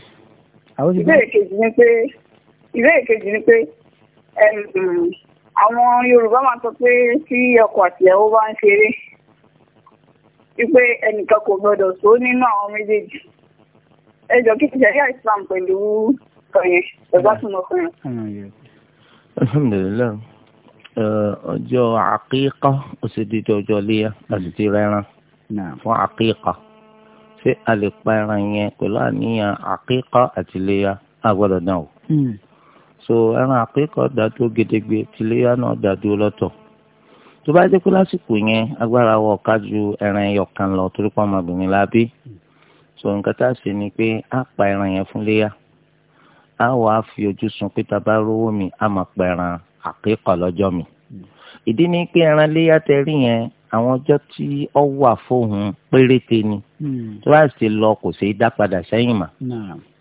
ìbéèrè kejì ni pé ìbéèrè kejì ni pé àwọn Yorùbá máa sọ pé tí ọkọ àtìyàwó bá ń ṣeré wípé ẹnìkan kò gbọdọ̀ sọ nínú àwọn méjèèjì ẹ jọ kí ìjẹ́rí Islam pẹ̀lú ọ̀yẹ́ ẹ̀gbá tó mọ̀ fún yẹn. alhamdulilayi ọjọ́ àkíkà ó sì di ọjọ́ léyà láti ti rẹ́ran fún àkíkà ṣé a lè pa ẹran yẹn pẹ̀lú àníyàn àkíkà àti léyà àgbọ̀dọ̀ náà o. Hmm. so ẹran àkíkà dàdúró gedegbe tìléyà náà dàdúró lọ́tọ̀ tó bá jẹ́ pé lásìkò yẹn agbára wọ ká ju ẹran ẹyọ kan lọ torí pọ́n ọmọbìnrin la so nǹkan tá a ṣe ni pé a pa ẹran yẹn fún léyà a wàá fi ojú sun pé tá a bá rówó mi a máa pa ẹran àkíkà lọ́jọ́ mi. ìdí ni pé ẹran léyà tẹrí yẹn àwọn ọjọ́ tí ó wà fóun péréte ni hmm. tó bá sì lọ kò sí dá padà sẹ́yìn mà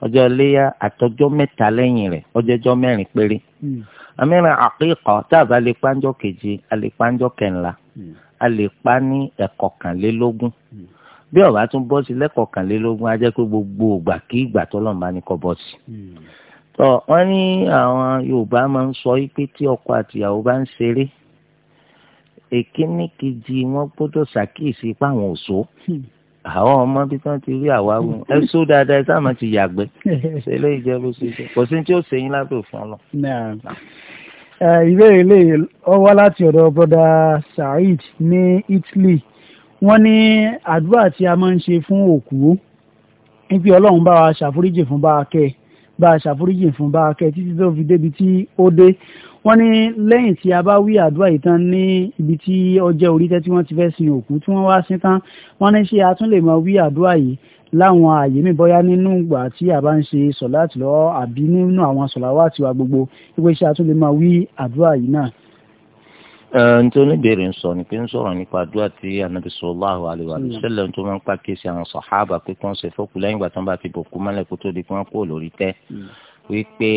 ọjọ́ léyà àtọjọ́ mẹ́ta lẹ́yìn rẹ̀ ọjọ́jọ́ mẹ́rin péré hmm. àmẹ́rin àkíkà tá a bá lè pánjọ́ keje a lè pánjọ́ kẹ̀ńlá hmm. a pa ní ẹ̀kọ̀kànlélógún bí ọba tún bọ́ sí lẹ́kọ̀ọ́kànlélógún á pé gbogbo ìgbà kí ìgbà tọ́lọ́mùbá ní kọ́ bọ́ sí tọ wọ́n ní àwọn Yorùbá máa ń sọ pé tí ọkọ àtìyàwó bá ń ṣeré èkíní kejì wọ́n gbọ́dọ̀ ṣàkíyèsí páwọn òṣó hmm. àwọn ọmọ bí wọ́n ti rí àwa wù ẹ sọ dáadáa ẹ sáà máa ti yàgbẹ́ ṣe lè jẹ bó ṣe jẹ kò sí tí ó ṣèyìn lábẹ́ òfin ọlọ. ìbéèrè lè wá láti ọ̀dọ̀ bọ́dà Saheed ní Italy wọ́n ní àdúrà tí a máa ń ṣe fún òkú wípé Ọlọ́run bá wa ṣàforíjì fún bá a kẹ́ ẹ̀ bá a ṣàforíjì fún bá a kẹ́ títí tó fi débi tí ó dé wọ́n ní lẹ́yìn tí a bá wí àdúrà yìí tán ní ibi tí ọjọ́ orí tẹ́ tí wọ́n ti fẹ́ sin òkú tí wọ́n wá sí tán wọ́n ní ṣé a tún lè máa wí àdúrà yìí láwọn ààyè mi bọ́yá nínú ìgbà tí a bá ń ṣe sọ̀láàtì lọ́wọ́ àbí nínú àwọn sọ̀láwà tiwa gbogbo wípé ṣé a tún lè máa wí àdúrà yìí náà Eh, nítorí béèrè ń sọ ni pé ń sọ̀rọ̀ nípa àdúrà tí anabi sallallahu alaihi wa hmm. sallam tó máa ń pa kéésì àwọn sàhábà pé kí wọ́n ṣe fọ́kù lẹ́yìn ìgbà tó ń bá fi bòkú mọ́lẹ̀ kó tó di kí wọ́n kó lórí tẹ́ hmm. wípé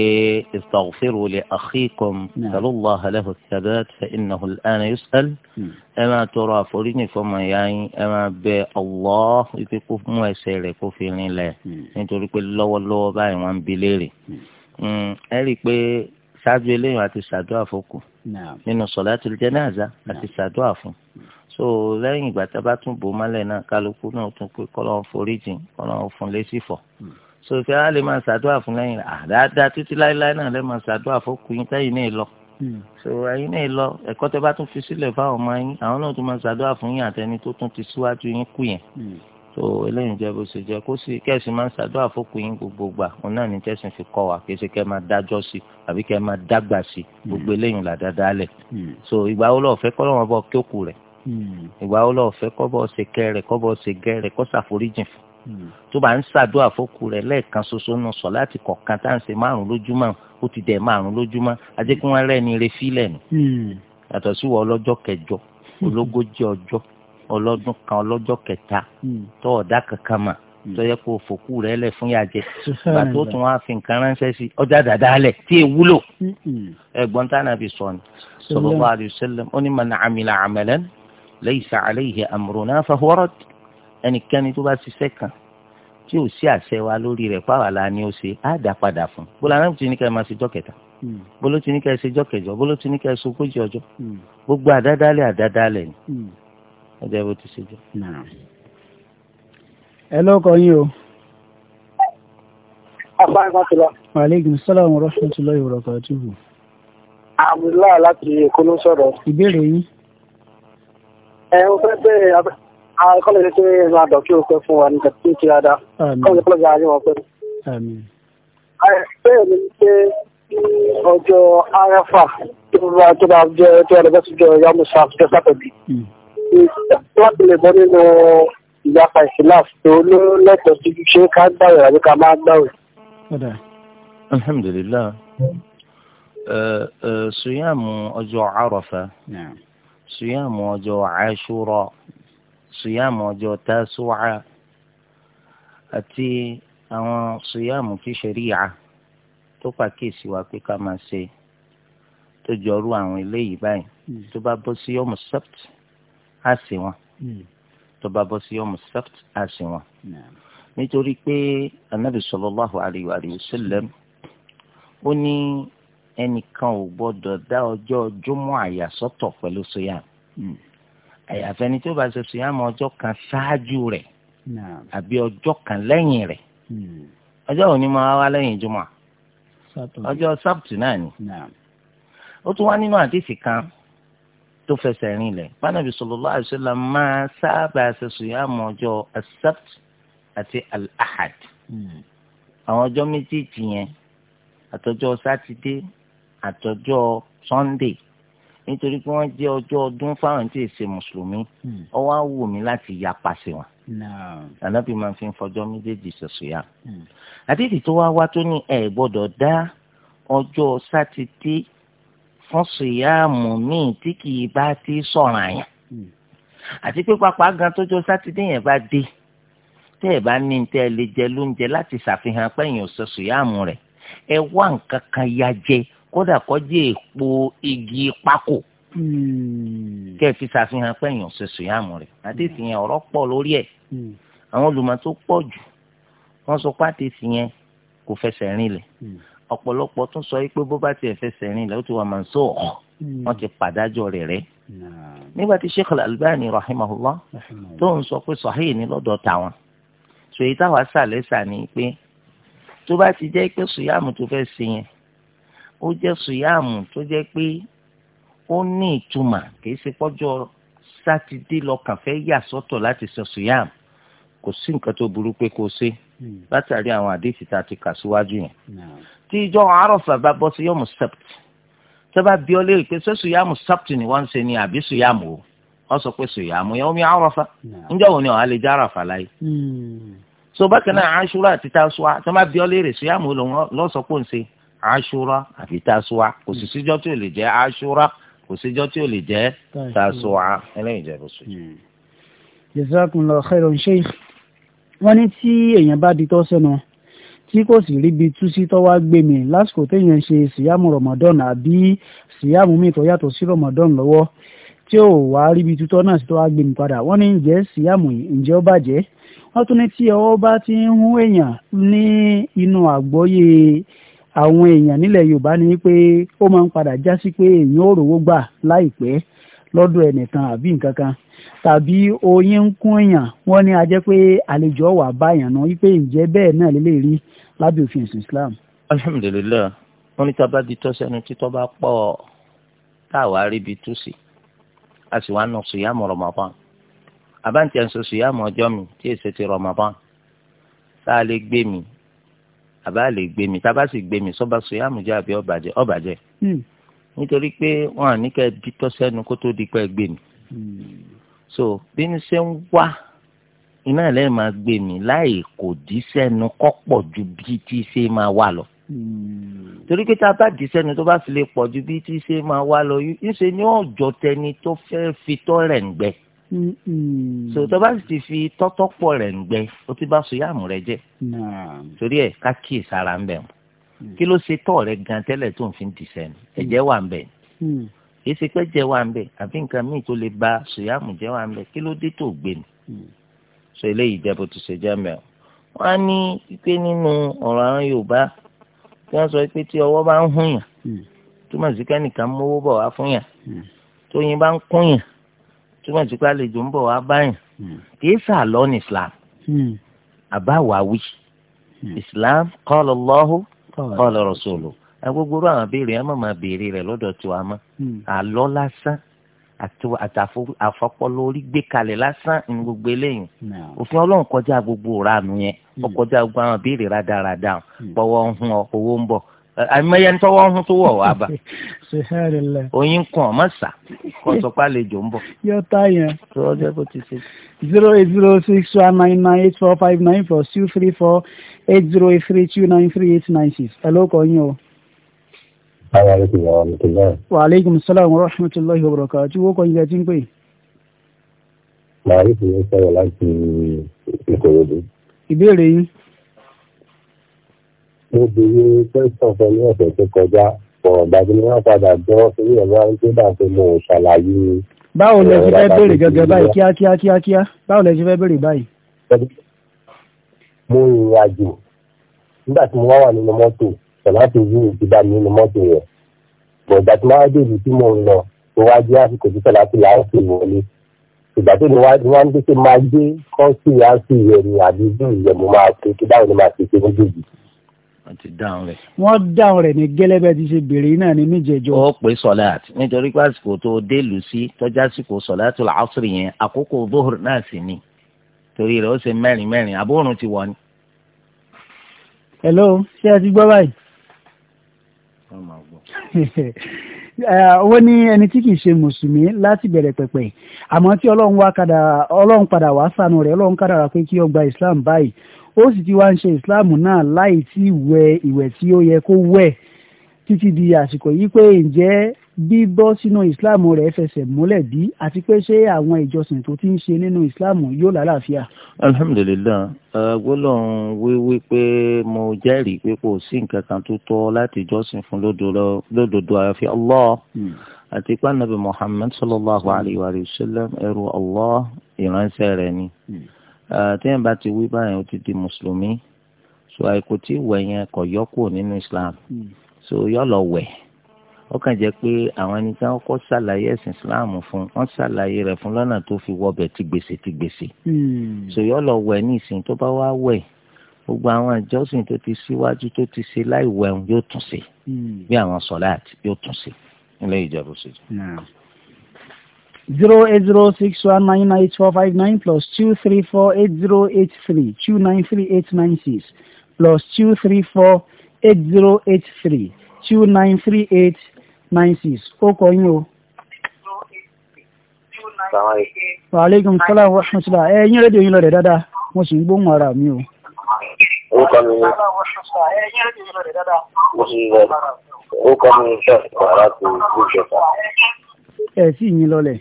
istaghfiru li akhikum hmm. sallallahu lahu thabat fa innahu al-ana ẹ máa tọrọ àforíjì fọmọ ìyá yín ẹ máa bẹ Allah wípé kó mú ẹsẹ̀ rẹ̀ kó fi rinlẹ̀ nítorí pé lọ́wọ́lọ́wọ́ báyìí wọ́n ń bi léèrè ẹ rí i pé ṣáájú eléyìn àti ṣàdúrà fókù nínú sọ̀láàtì jánásà àti ṣàdúrà fún so lẹ́yìn ìgbà tá a bá tún bò mọ́lẹ̀ náà kálukú náà tún pé kọ́lọ́n forí jìn kọ́lọ́n fún lẹ́sì fọ̀ hmm. so ìfẹ́ á lè máa ṣàdúrà fún lẹ́yìn àdáadáa títí láéláé náà lè máa ṣàdúrà fókù yín tẹ́yìn náà lọ hmm. so ẹ̀yin náà lọ ẹ̀kọ́ tẹ́ bá tún fi sílẹ̀ fáwọn ọmọ yín àwọn náà tún máa ṣàdúrà fún yín àtẹni tó tún ti síwájú yín kú yẹn hmm so eléyìí jẹ bó ṣe jẹ kó sì kẹsì máa ń ṣàdúrà fókun yín gbogbo gbà òun náà ní tẹsán fi kọ wa kẹsì kẹ máa dájọ́ sí àbí kẹ máa dàgbà sí hmm. gbogbo eléyìí là dáadáa lẹ hmm. so ìgbà wo lọ́ọ́ fẹ́ kọ́ lọ́wọ́ bọ́ kí ó kù rẹ̀ hmm. ìgbà wo lọ́ọ́ fẹ́ kọ́ bọ́ ṣe kẹ́ rẹ̀ kọ́ bọ́ ṣe gẹ́ rẹ̀ kọ́ ṣàforíjìn fún tó bá ń ṣàdúrà fókun rẹ̀ lẹ́ẹ̀kan ṣoṣo nù sọ láti kọ̀ọ̀kan ọlọ́dún kan ọlọ́jọ́ kẹta hmm. tó ọ̀dà kankan mà hmm. tó yẹ kó fòkú rẹ lẹ fún yàjẹ gbà tó tún wá fi nǹkan ránṣẹ́ sí ọjà dàda lẹ tí è wúlò hmm. ẹ̀gbọ́n tá nàbì sọ ni sallallahu alaihi wasallam ó ní man amila amalan laysa alayhi amruna fahuwa radd ẹnikẹ́ni tó bá ṣiṣẹ́ kan tí ò sí àṣẹ wa lórí rẹ̀ pàwọ́ la ni ó ṣe á dá padà fún bólú anáwó tí ní ká máa ṣe jọ́ kẹta bólú tí ní ká ṣe jọ́ kẹjọ bólú tí ní ká ṣe ogójì ọjọ́ gbogbo àdádálẹ̀ àdádálẹ̀ ni ọjọ́ ìbò ti ṣojú. ẹ lọ́kọ̀ yín o. apá ẹ̀ka ti lọ. maaleykum salaam wa rahmatulahi wa barakatuhu. abdullahi láti èkó ló ń sọ̀rọ̀. ìbéèrè yín. ẹ o fẹ́ bẹ́ẹ̀ akọ́lẹ̀ ní pé ẹnu àdọ̀ kí o pẹ́ fún wa nígbà tí ó ti dáadáa. kọ́lẹ̀ kọ́lẹ̀ gba ayé wọn pẹ́. bẹ́ẹ̀ ni pé ọjọ́ arafa tó bá jẹ́ tó bá jẹ́ ọjọ́ yamusa ọjọ́ sátọ̀dì láti lè bọ́ nínú ìyapa ìsìláàfù tó ló lẹ́tọ̀ọ́ sí ṣé ká gbàwẹ̀ àbí ká máa gbàwẹ̀. alhamdulilayi suyamu ọjọ́ arafa suyamu ọjọ́ ashura suyamu ọjọ́ tasuwa àti àwọn suyamu fi ṣẹ̀ríyà tó pàkíyèsí wa pé ká máa ṣe tó jọrú àwọn eléyìí báyìí hmm. tó bá bọ́ sí yọmù sẹ́pt á sè wọn hmm. tó bá bọ́ sí ọmọ sẹ́pt á sè wọn. nítorí pé anabi sallallahu alayhi wa sallam ó ní ẹnìkan ò gbọ́dọ̀ dá ọjọ́ júmọ́ àyà sọ́tọ̀ pẹ̀lú sọ́yà hmm. àyàfẹ́ni tó bá ṣe sùyàmù ọjọ́ kan ṣáájú rẹ̀ àbí ọjọ́ kan lẹ́yìn rẹ̀ hmm. ọjọ́ òní máa wá lẹ́yìn jùmọ̀ ọjọ́ sábtù náà ni ó tún wá nínú àdìsí kan tó fẹsẹ̀ rinlẹ̀ bánàbí sallallahu alaihi wasallam máa sábà ṣe sùyàmù ọjọ́ as-sabt àti al-ahad hmm. àwọn ọjọ́ méjèèjì yẹn àtọjọ́ sátidé àtọjọ́ sunday nítorí pé wọ́n jẹ́ ọjọ́ ọdún fáwọn tí èsè mùsùlùmí hmm. ó wá wù mí láti ya pàṣẹ wọn. ànábì máa fi ń fọjọ́ méjèèjì ṣẹ̀ṣù yá. Hmm. àdéhìí tó wá wá tó ní ẹ̀ gbọ́dọ̀ dá ọjọ́ sátidé fún síyáàmù míì tí kì í bá ti sọ̀rọ̀ àyàn hmm. àti pé pápá gan tó jọ sátidé yẹn bá dé tẹ́ ẹ̀ bá ní tẹ́ ẹ lè jẹ lóúnjẹ láti ṣàfihàn pẹ́yìn ọ̀sọ síyáàmù rẹ̀ ẹ wá nǹkan kan ya jẹ kódà kọjá èèpo igi pákó hmm. kẹ́ ẹ fi ṣàfihàn pẹ́yìn ọ̀sọ síyáàmù rẹ̀ àdéhùn hmm. yẹn ọ̀rọ̀ pọ̀ lórí ẹ̀ àwọn olùmọ̀ tó pọ̀ jù wọ́n sọ pé àdéhùn yẹn kò fẹsẹ̀ rinlẹ̀ ọ̀pọ̀lọpọ̀ tún sọ pé bó bá tiẹ̀ fẹsẹ̀ rìn lọ́wọ́ tí wọ́n máa ń sọ ọ̀ wọ́n ti pàdájọ́ rẹ̀ rẹ́. nígbà tí sheikh al-albani rahimahullah tó ń sọ pé sahih ni lọ́dọ̀ tàwọn sòyí táwa sàlẹ̀ sà ni pé tó bá ti jẹ́ pé sùyàmù tó fẹ́ sí yẹn ó jẹ́ sùyàmù tó jẹ́ pé ó ní ìtumà kì í ṣe pọ́jọ́ sátidé lọ́kàn fẹ́ yà sọ́tọ̀ láti sọ sùyàmù kò sí nǹkan tó burú pé kó ṣe hmm. látàrí àwọn àdéhìí tá a ti kà síwájú yẹn. tí ìjọ àárọ̀fà bá bọ́ sí yọ̀mù sept tó bí ọ léèrè pé ṣé sùyàmù sept ni wọ́n ń ṣe ni àbí sùyàmù o wọ́n sọ pé sùyàmù yẹn omi àárọ̀fà níjọ́ wo ni ọ̀hán lè já àràfà láyé. Hmm. so bákan náà aṣúra àti tasuwa tó bá bí ọ léèrè sùyàmù lọ́sọ̀ pò ń ṣe aṣúra àti tasuwa kò sì síjọ́ tí ò lè jẹ́ aṣúra kò síjọ́ tí ò lè jẹ́ tasuwa ẹlẹ́yìn ìjẹ́bùsùn. jazakumullahu khairan sheikh wọ́n ní tí èèyàn bá di tọ́ sẹ́nu tí kò sì ríbi tú sí tọ́wá gbé mi lásìkò téèyàn ṣe síyàmù rọmọdọ́n àbí síyàmù mi tó yàtọ̀ sí rọmọdọ́n lọ́wọ́ tí ò wá ríbi tutọ́ náà sí tọ́wá gbé mi padà wọ́n ní ǹjẹ́ síyàmù ǹjẹ́ ó bàjẹ́ wọ́n tún ní tí ọwọ́ bá ti ń hún èèyàn ní inú àgbọ́yé àwọn èèyàn nílẹ̀ Yorùbá ni pé ó máa ń padà já sí pé èèyàn ò rówó gbà láìpẹ́ lọ́dọ̀ ẹnìkan àbí nǹkan kan tàbí oyin ń kún èèyàn wọ́n ní a jẹ́ pé àlejò wà báyàn náà wípé ǹjẹ́ bẹ́ẹ̀ náà lè lè rí lábẹ́ òfin ẹ̀sìn Islam. alhamdulilayi wọn ní tá a bá di tọ́sẹ́nu títọ́ bá pọ̀ tá a wá rí ibi tú sí a sì wá nù sùyàmù Ramadan àbáǹtí ẹ̀sùn sùyàmù ọjọ́ mi tí èsì ti Ramadan tá a lè gbé mi àbá lè gbé mi tá a bá sì gbé mi sọ́ba sùyàmù jẹ́ àbí ọ̀bàjẹ́ ọ̀bàjẹ́ nítorí pé wọn à ní ká di tọ́sẹ́nu kó tó di pa ẹgbẹ́ mi. so bí ní ṣe ń wá iná ẹ̀ máa gbé mi láì kò dí sẹ́nu kọ́ pọ̀ ju bí tí ṣe máa wà lọ. torí pé tá a bá dí sẹ́nu tó bá fi lè pọ̀ ju bí tí ṣe máa wà lọ ńṣe ni ọ̀jọ̀ tẹni tó fẹ́ fi tọ́ rẹ̀ ń gbẹ. so tó bá sì ti fi tọ́tọ́ pọ̀ rẹ̀ ń gbẹ ó ti bá so yáàmù rẹ̀ jẹ́. torí ẹ̀ ká kíyèsára ń bẹ̀ kí ló ṣe tọ́ rẹ gan tẹ́lẹ̀ tó ń fi dìṣẹ́ ni ẹ̀jẹ̀ wà ń bẹ̀ kì í ṣe pé jẹ́ wà ń bẹ̀ àfi nǹkan míì tó lè ba sòyàmù jẹ́ wà ń bẹ̀ kí ló dé tó gbé ni sọ eléyìí jẹ́ bó ti ṣe jẹ́ mẹ́ o wọ́n á ní pípé nínú ọ̀rọ̀ àwọn Yorùbá tí wọ́n sọ pé tí ọwọ́ bá ń hùn yàn túmọ̀ sí kẹ́nìkan mówó bọ̀ wá fún yàn tóyin bá ń kún yàn túmọ̀ sí pé àlejò ń bọ̀ wá bá yàn kì í sàlọ́ ní Islam hmm. àbáwá wí Islam qala Allahu kọ́lá rọ̀ṣọ̀lù ẹ gbogbo rú àwọn béèrè ẹ má máa béèrè rẹ lọ́dọ̀ tiwa mọ́ hmm. àlọ́ lásán àtàfọpọlọ orí gbé kalẹ̀ lásán ní gbogbo eléyìí òfin ọlọ́run kọjá gbogbo ranu yẹn ó hmm. kọjá gbogbo àwọn béèrè rádaràda hmm. bọ́wọ́ ń hun ọ owó ń bọ̀ àmọye ń tọwọ́ ń tọwọ́ wà bá oyin kan ọmọ sà kó sọ pé àlejò ń bọ̀. yóò tá yẹn. tó o jẹ́ kó ti zero eight zero six one nine nine eight four five nine four two three four eight zero eight three two nine three eight nine six. ẹ ló kọ yín o. wa aleykum salaam wa rahmatulahi wa barakatuh wo kọ́ yín bẹ́ẹ̀ ń pè. màá rí ìfowópamọ́ láti ìkòròdú. ìbéèrè yín mo bèrè pẹ́sítọ̀ kan ní ọ̀sẹ̀ tó kọjá ọ̀rọ̀ ìgbàgbé ni wọ́n padà jọ sórí ẹ̀rọ ayélujára pé mo ṣàlàyé. báwo lẹ ti fẹ́ bèrè gẹ́gẹ́ báyìí kíákíá kíákíá báwo lẹ ti fẹ́ bèrè báyìí. mo rìnrìn àjò nígbà tí mo wá wà nínú mọ́tò tòmátì yìí ti bá mi nínú mọ́tò yẹn bọ̀ ìgbà tí mo wá débi tí mo ń lọ mo wá jẹ́ àsìkò tí tòmátì là ń fi wọlé ìgbà tí mo ní wọ́n ń máa gbé kọ́ńtì yẹn á ni àbí bí ìyẹn máa ṣe kí báwo ni máa ṣe ṣe méjèèjì wọ́n ti dáhùn rẹ̀. wọ́n dáhùn rẹ̀ ní gẹ́lẹ́bẹ́ ti ṣe béèrè náà ní níjẹ̀jọ́. ó pè sọ̀láàt nítorí pé àsìkò tó délùú sí tọ́jú àsìkò sọ̀láàtù làásùrì yẹn àkókò dóhùr náà sì ni torí rẹ̀ ó ṣe mẹ́rin mẹ́rin àbóòrùn ti wọ̀ ni. hello ṣé ẹ ti gbọ́ báyìí. wọ́n ní ẹni tí kìí ṣe mùsùlùmí láti bẹ̀rẹ̀ pẹ̀pẹ̀ àmọ́ tí ọlọ́run padà wá sànù rẹ̀ ọlọ́run kádàrá pé kí ó gba Islam báyìí ó sì ti wá ń ṣe islam náà láì tí wẹ ìwẹ̀ tí ó yẹ kó wẹ̀ títí di àsìkò yìí pé ǹjẹ́ bíbọ́ sínú islam rẹ̀ fẹsẹ̀ múlẹ̀ bí àti pé ṣé àwọn ìjọsìn tó ti ń ṣe nínú islam yóò lálàáfíà. alhamdulilayi gbólóhùn wíwí pé mo jẹ́rìí pé kò sí nǹkan kan tó tọ́ láti jọ́sìn fún lódodo àyàfi allah hmm. àti pé anabi muhammad sallallahu alayhi wa sallam ẹrú allah ìránṣẹ́ rẹ̀ ni. Mm téèyàn bá ti wí báyìí ó ti di mùsùlùmí so àìkú tí wẹ̀ yẹn kò yọ kúrò nínú islam hmm. so yọ lọ wẹ̀ ó kàn jẹ́ pé àwọn ẹni tí wọ́n kọ́ ṣàlàyé ẹ̀sìn islam fún wọ́n ṣàlàyé rẹ̀ fún lọ́nà tó fi wọbẹ̀ ti gbèsè ti gbèsè hmm. so yọ lọ wẹ̀ ní ìsìn tó bá wá wẹ̀ gbogbo àwọn ìjọsìn tó ti síwájú tó ti ṣe láì wẹ̀hún yóò tún ṣe hmm. bí àwọn sọ̀láàtì yóò tún ṣe nílẹ̀ ìjọba òṣèlú zero eight zero six one nine nine four five nine plus two three four eight zero eight three two nine three eight nine six plus two three four eight zero eight three two nine three eight nine six ó kọ yín o. wa aleykum salaam wa rahmatulah ẹ yín rédíò yín lọ rẹ dáadáa mo sì ń gbóhùn ara mi o. orúkọ mi ni orúkọ mi ni sẹ́ẹ̀kì bàrà tó gbé jẹta ẹ̀ tí yín lọlẹ̀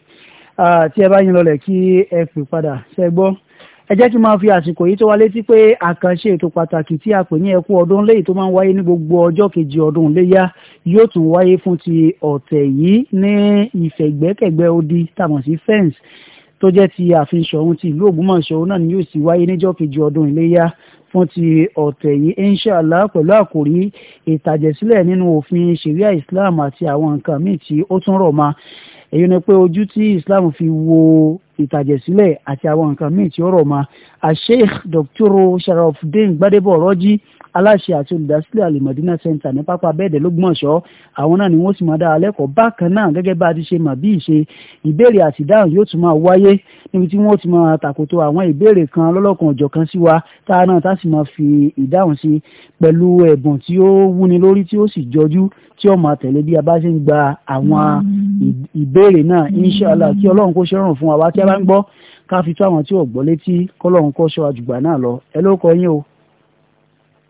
tí ẹ bá yín lọlẹ̀ kí ẹ pè padà ṣe gbọ́ ẹ jẹ́ kí n máa fi àsìkò yìí tó wá létí pé àkànṣe ètò pàtàkì tí a pè ní ẹkú ọdún léyìí tó máa ń wáyé ní gbogbo ọjọ́ kejì ọdún léyà yóò tún wáyé fún ti ọ̀tẹ̀ yìí ní ìfẹ̀gbẹ́kẹ̀gbẹ́ odi tàmọ̀ sí fẹ́ǹsì tó jẹ́ ti àfihàn ṣọ̀hún ti ìlú Ògbómọ̀ṣọ́ náà ni yóò sì wáyé níjọ́ kejì ọdún iléyà fún ti ọ̀tẹ̀ yìí inshàlá pẹ̀lú àkòrí ìtàjẹ̀sílẹ̀ nínú òfin sharia islam àti àwọn nǹkan míì tí ó tún rọ̀ mọ́ èyí ni pé ojú tí islam fi wo ìtàjẹ̀sílẹ̀ àti àwọn nǹkan míì tí ó rọ̀ mọ́ àṣeyìk dr sharafdin gbadebo ọ̀rọ̀jì aláṣẹ àti olùdásílẹ̀ alimọ̀dínà center ní pápá bẹ́ẹ̀dẹ̀ lọ́gbọ̀nsọ́ àwọn náà ni wọ́n sì máa dára lẹ́kọ̀ọ́ bákan náà gẹ́gẹ́ bá a ti ṣe mà bí ìṣe ìbéèrè àti ìdáhùn yóò tún máa wáyé níbi tí wọ́n ti máa tàkòtò àwọn ìbéèrè kan lọ́lọ́kan ọ̀jọ̀kan sí wa tá a náà tá a sì máa fi ìdáhùn sí pẹ̀lú ẹ̀bùn tí ó wúni lórí tí ó sì jọjú tí ó máa tẹ̀lé bí a bá ṣe ń gba àwọn ìbéèrè náà inṣàlá kí ọlọ́run kó ṣe rọrùn fún wa wá tí a bá ń gbọ́ ká fi tó àwọn tí ò gbọ́ létí kọ́lọ́run kó ṣọ́ àjùgbà náà lọ ẹ ló yín o.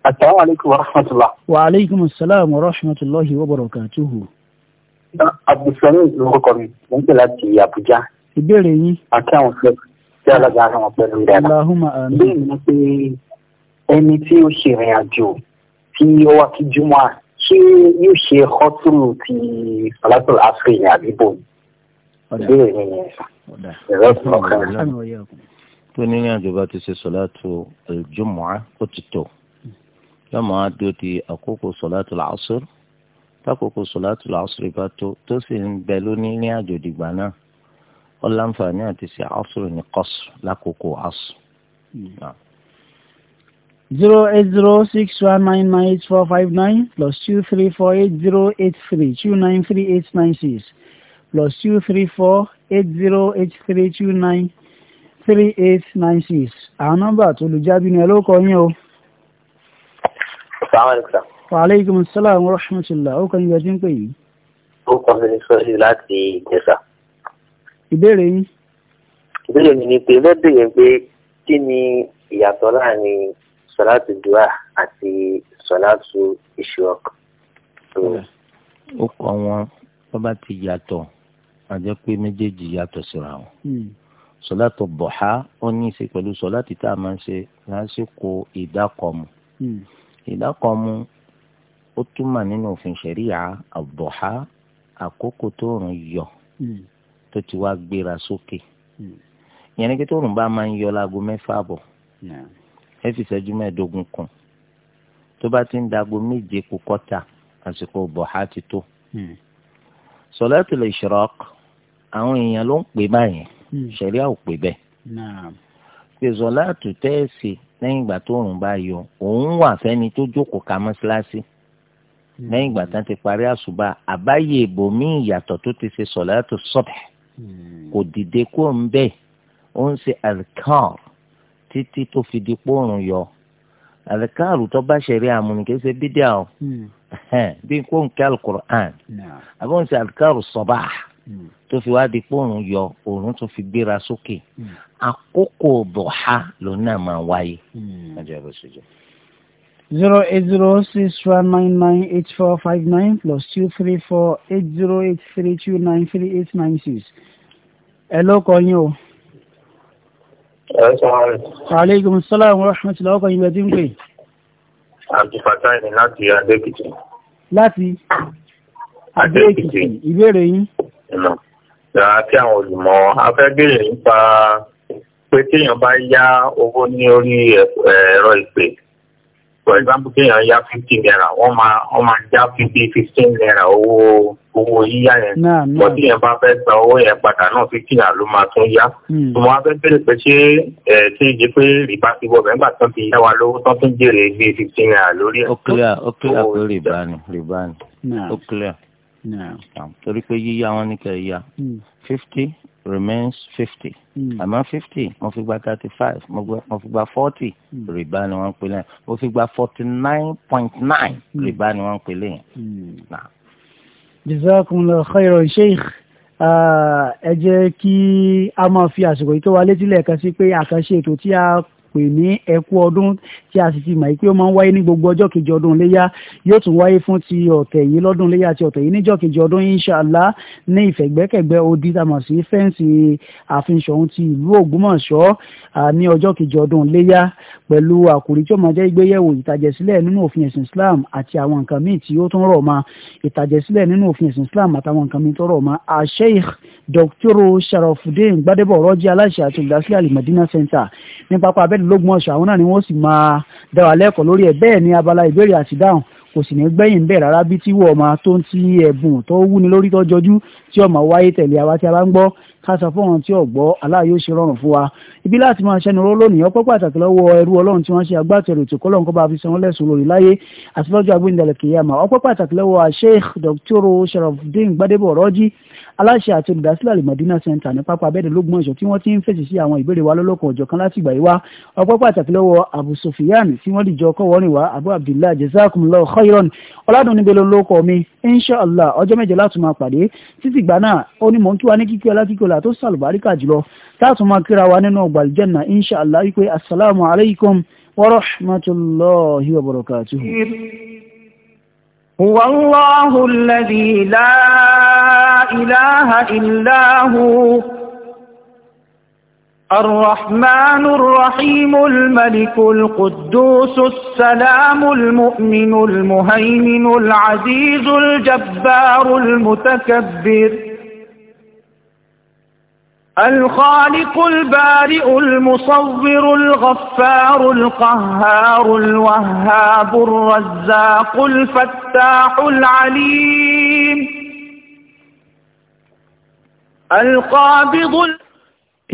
Assalamu alaikum wa rahmatullah. Wa alaikum assalam wa rahmatullahi wa barakatuhu. Abdulsalam lórúkọ mi, mo ń pè láti Abuja. Ìbéèrè yín. Àti àwọn fẹ́ tí alága ara wọn pẹ̀lú dáadáa. Allahumma amin. Bẹ́ẹ̀ ni pé ẹni tí ó ṣe ìrìn àjò tí ó wá kí Júmọ́ à ṣé yóò ṣe họ́tùrù ti Salatul Asri ní àdúgbò yìí. Ìbéèrè mi ni ẹ̀rọ ọ̀kan. Tó ní ìrìn àjò bá ti ṣe Salatul Jumu'ah, ó ti tó yọmọ adó di àkókò sọ̀látùl àṣùr tákòókò sọ̀látùl àṣùr bá tó tó sì ń bẹ lónìí ní àjò dìgbà náà ó láǹfààní àti ṣe àṣùr ní kọ́sù lákòókò àṣùr. zero eight zero six one nine nine eight four five nine plus two three four eight zero eight three two nine three eight nine six plus two three four eight zero eight three two nine three eight nine six àwọn nọ́mbà tó lù jábí ni ẹ ló kọ yín o. Wa alaikum salam wa rahmatullah. O kàn yíyá tí ń pè yìí. Ó kàn mí ní sọ́ọ̀lì láti ìjẹsà. Ìbéèrè yín. Ìbéèrè mi ni pé lọ́bìnrin pé kí ni ìyàtọ̀ láàrin sọ̀láàtù dùà àti sọ̀láàtù ìṣòro. Ó kọ́ wọn tó bá ti yàtọ̀ a jẹ́ pé méjèèjì yàtọ̀ síra wọn. Hmm. sọ̀láàtù bọ̀há ó ní í ṣe pẹ̀lú sọ̀láàtì tá a máa ń ṣe lásìkò ìdákọ̀mù. Hmm ìdákọ̀ọ́mú ó túmọ̀ nínú òfin ṣẹ̀ríyà àbọ̀há àkókò tóòrùn yọ hmm. tó ti wá gbéra sókè hmm. ìyẹn ni kí tóòrùn bá máa ń yọ láago mẹ́fà bọ̀ ẹ fi ìṣẹ́jú mẹ́ẹ̀ẹ́dógún kan tó bá ti ń dago méje kù àsìkò bọ̀há ti tó hmm. sọlẹ́tì lè àwọn èèyàn ló ń pè báyẹn ṣẹ̀ríyà ò pè bẹ́ẹ̀ pé sọlẹ́tì lẹ́yìn ìgbà tó òrùn bá yọ òun wà fẹ́ni tó jókòó ka mọ́ṣáláṣí hmm. lẹ́yìn ìgbà tán ti parí àṣùbà àbáyé ìbòmíì ìyàtọ̀ tó ti ṣe sọ̀látù sọ̀bẹ̀ hmm. kò dìde kó ń bẹ̀ ó ń ṣe àlìkàr títí tó fi di pòrùn yọ àlìkàr tó bá ṣẹ̀rí àmúnikẹ́ ṣe bídíà o hmm. bí kò ń kí alukur'an àbí ó ń ṣe àlìkàr sọ̀bà tó fi wá di pé òòrùn yọ òòrùn tó fi gbéra sókè àkókò dọ̀ha lòun náà máa wáyé. Hmm. zero eight zero six one nine nine eight four five nine plus two three four eight zero eight three two nine three eight nine six. ẹ ló kọ yín o. aleykum salaam wa rahmatulah ọkọ yín bẹ tí ń pè. abdulfatai ni láti adékìtì. láti adékìtì ìbéèrè yín àti àwọn olùmọ̀ afẹ́bèrè nípa pé téèyàn bá yá owó ní orí ẹ̀rọ ìpè for example téèyàn yá fifty naira wọ́n máa wọ́n máa já fifty fifteen naira owó owó yíyá yẹn bọ́ téèyàn bá fẹ́ gba owó yẹn padà náà fifty naira ló máa tún yá hmm. mo wá pé ṣé ẹ̀ ṣe é jẹ́ pé rìbá ti wọ̀ bẹ́ẹ̀ gbà tán ti yá wa lówó tán tún jèrè bíi fifteen naira lórí ẹ̀. ó clear ó clear pé rìbá ni rìbá ni ó clear torí pé yíyá wọn ní kẹ́ yá hmm. fifty remains fifty hmm. àmọ́ fifty mo fi gba thirty five mo fi gba forty hmm. rìbá ni wọ́n ń pè lẹ́yìn mo fi gba forty nine point nine rìbá ni wọ́n ń pè lẹ́yìn. jazakumullahu khairan sheikh ẹ jẹ́ kí a máa fi àsìkò yìí tó wa létí lẹ́ẹ̀kan sí pé àkànṣe ètò tí a pè ní ẹkú ọdún tí a sì ti mọ̀ pé ó máa ń wáyé ní gbogbo ọjọ́ kejì ọdún iléyà yóò tún wáyé fún ti ọ̀tẹ̀ yìí lọ́dún iléyà àti ọ̀tẹ̀ yìí níjọ́ kejì ọdún inshallah ní ìfẹ̀gbẹ́kẹ̀gbẹ́ odi tamọ̀ sí fẹ́ǹsì ààfin Ṣọ̀ún ti ìlú Ògbómọ̀ṣọ́ ní ọjọ́ kejì ọdún iléyà pẹ̀lú àkòrí tí ó máa jẹ́ ìgbéyẹ̀wò ìtàjẹ̀sílẹ̀ nínú òfin ẹ̀sìn Islam àti àwọn nǹkan míì tí ó tún rọ̀ mọ́ ìtàjẹ̀sílẹ̀ nínú òfin ẹ̀sìn Islam àtàwọn nǹkan míì tó rọ̀ mọ́ Sheikh Dr. Sharafudeen Gbadebo ọ̀rọ̀ jẹ́ aláṣẹ àti olùdásílẹ̀ Al-Madina Center ní pápá abẹ́nu lógún ọ̀sẹ̀ àwọn náà ni wọ́n sì máa dá wa lẹ́kọ̀ọ́ lórí ẹ̀ bẹ́ẹ̀ ni abala ìbéèrè àti dáhùn kò sì ní gbẹ̀yìn bẹ́ẹ̀ rárá bí tí wọ́n ọmọ tó ń ti ẹ̀bùn tó wúni lórí tó jọjú tí ọmọ wáyé tẹ̀lé àwa tí a bá ń gbọ́ káṣà fún àwọn tí ò gbọ́ aláà yóò ṣe rọrùn fún wa ibi láti máa ṣẹnu rọ lónìí ọpẹ́ pàtàkì lọ́wọ́ ẹrú ọlọ́run tí wọ́n ṣe agbátẹrù tó kọ́lọ́n kó bá fi sanwó lẹ́sùn lórí láyé àti lọ́jọ́ agbẹ́ndẹ̀lẹ̀ kìyàmà ọpẹ́ pàtàkì lọ́wọ́ Sheikh Dr. Sharafdin Gbadebo Ọ̀rọ́jì aláṣẹ àti olùdásílẹ̀ alimọ̀dínà center ní pápá abẹ́rẹ́ lógún ọ̀ṣọ́ tí wọ́n ti ń fèsì sí àwọn ìbéèrè wa lọ́lọ́kan ọ̀jọ̀ kan láti ìgbà yìí pàtàkì lọ́wọ́ Abu Sufyan tí wọ́n dìjọ kọ́ wọ́n rìn wá Abu Abdullah jazakumullahu khairan ọ̀làdùn níbi lóko mi inshallah ọjọ́ mẹ́jọ láti máa pàdé títí gbà náà ó ní mò ń kí wa ní kíkí ọlá dáadáa tó sàlùbáríkà jùlọ táàtún máa kíra wa nínú ọgbà àlùjànnà insha allah wípé assalamu alaykum wa rahmatulahi wa barakatuhu. هو الله الذي لا إله إلا هو الرحمن الرحيم الملك القدوس السلام المؤمن المهيمن العزيز الجبار المتكبر الخالق البارئ المصور الغفار القهار الوهاب الرزاق الفتاح العليم القابض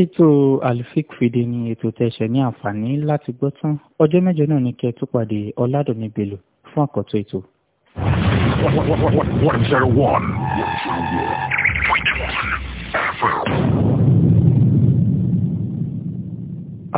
ètò alifik fìdí ni ètò tẹ̀sẹ̀ ní àǹfààní láti gbọ́ tán ọjọ́ mẹ́jọ náà ni kẹ́ tó pàdé ọ̀làdọ̀ni bello fún àkọ́tọ̀ ètò. one zero one. one zero one. point one.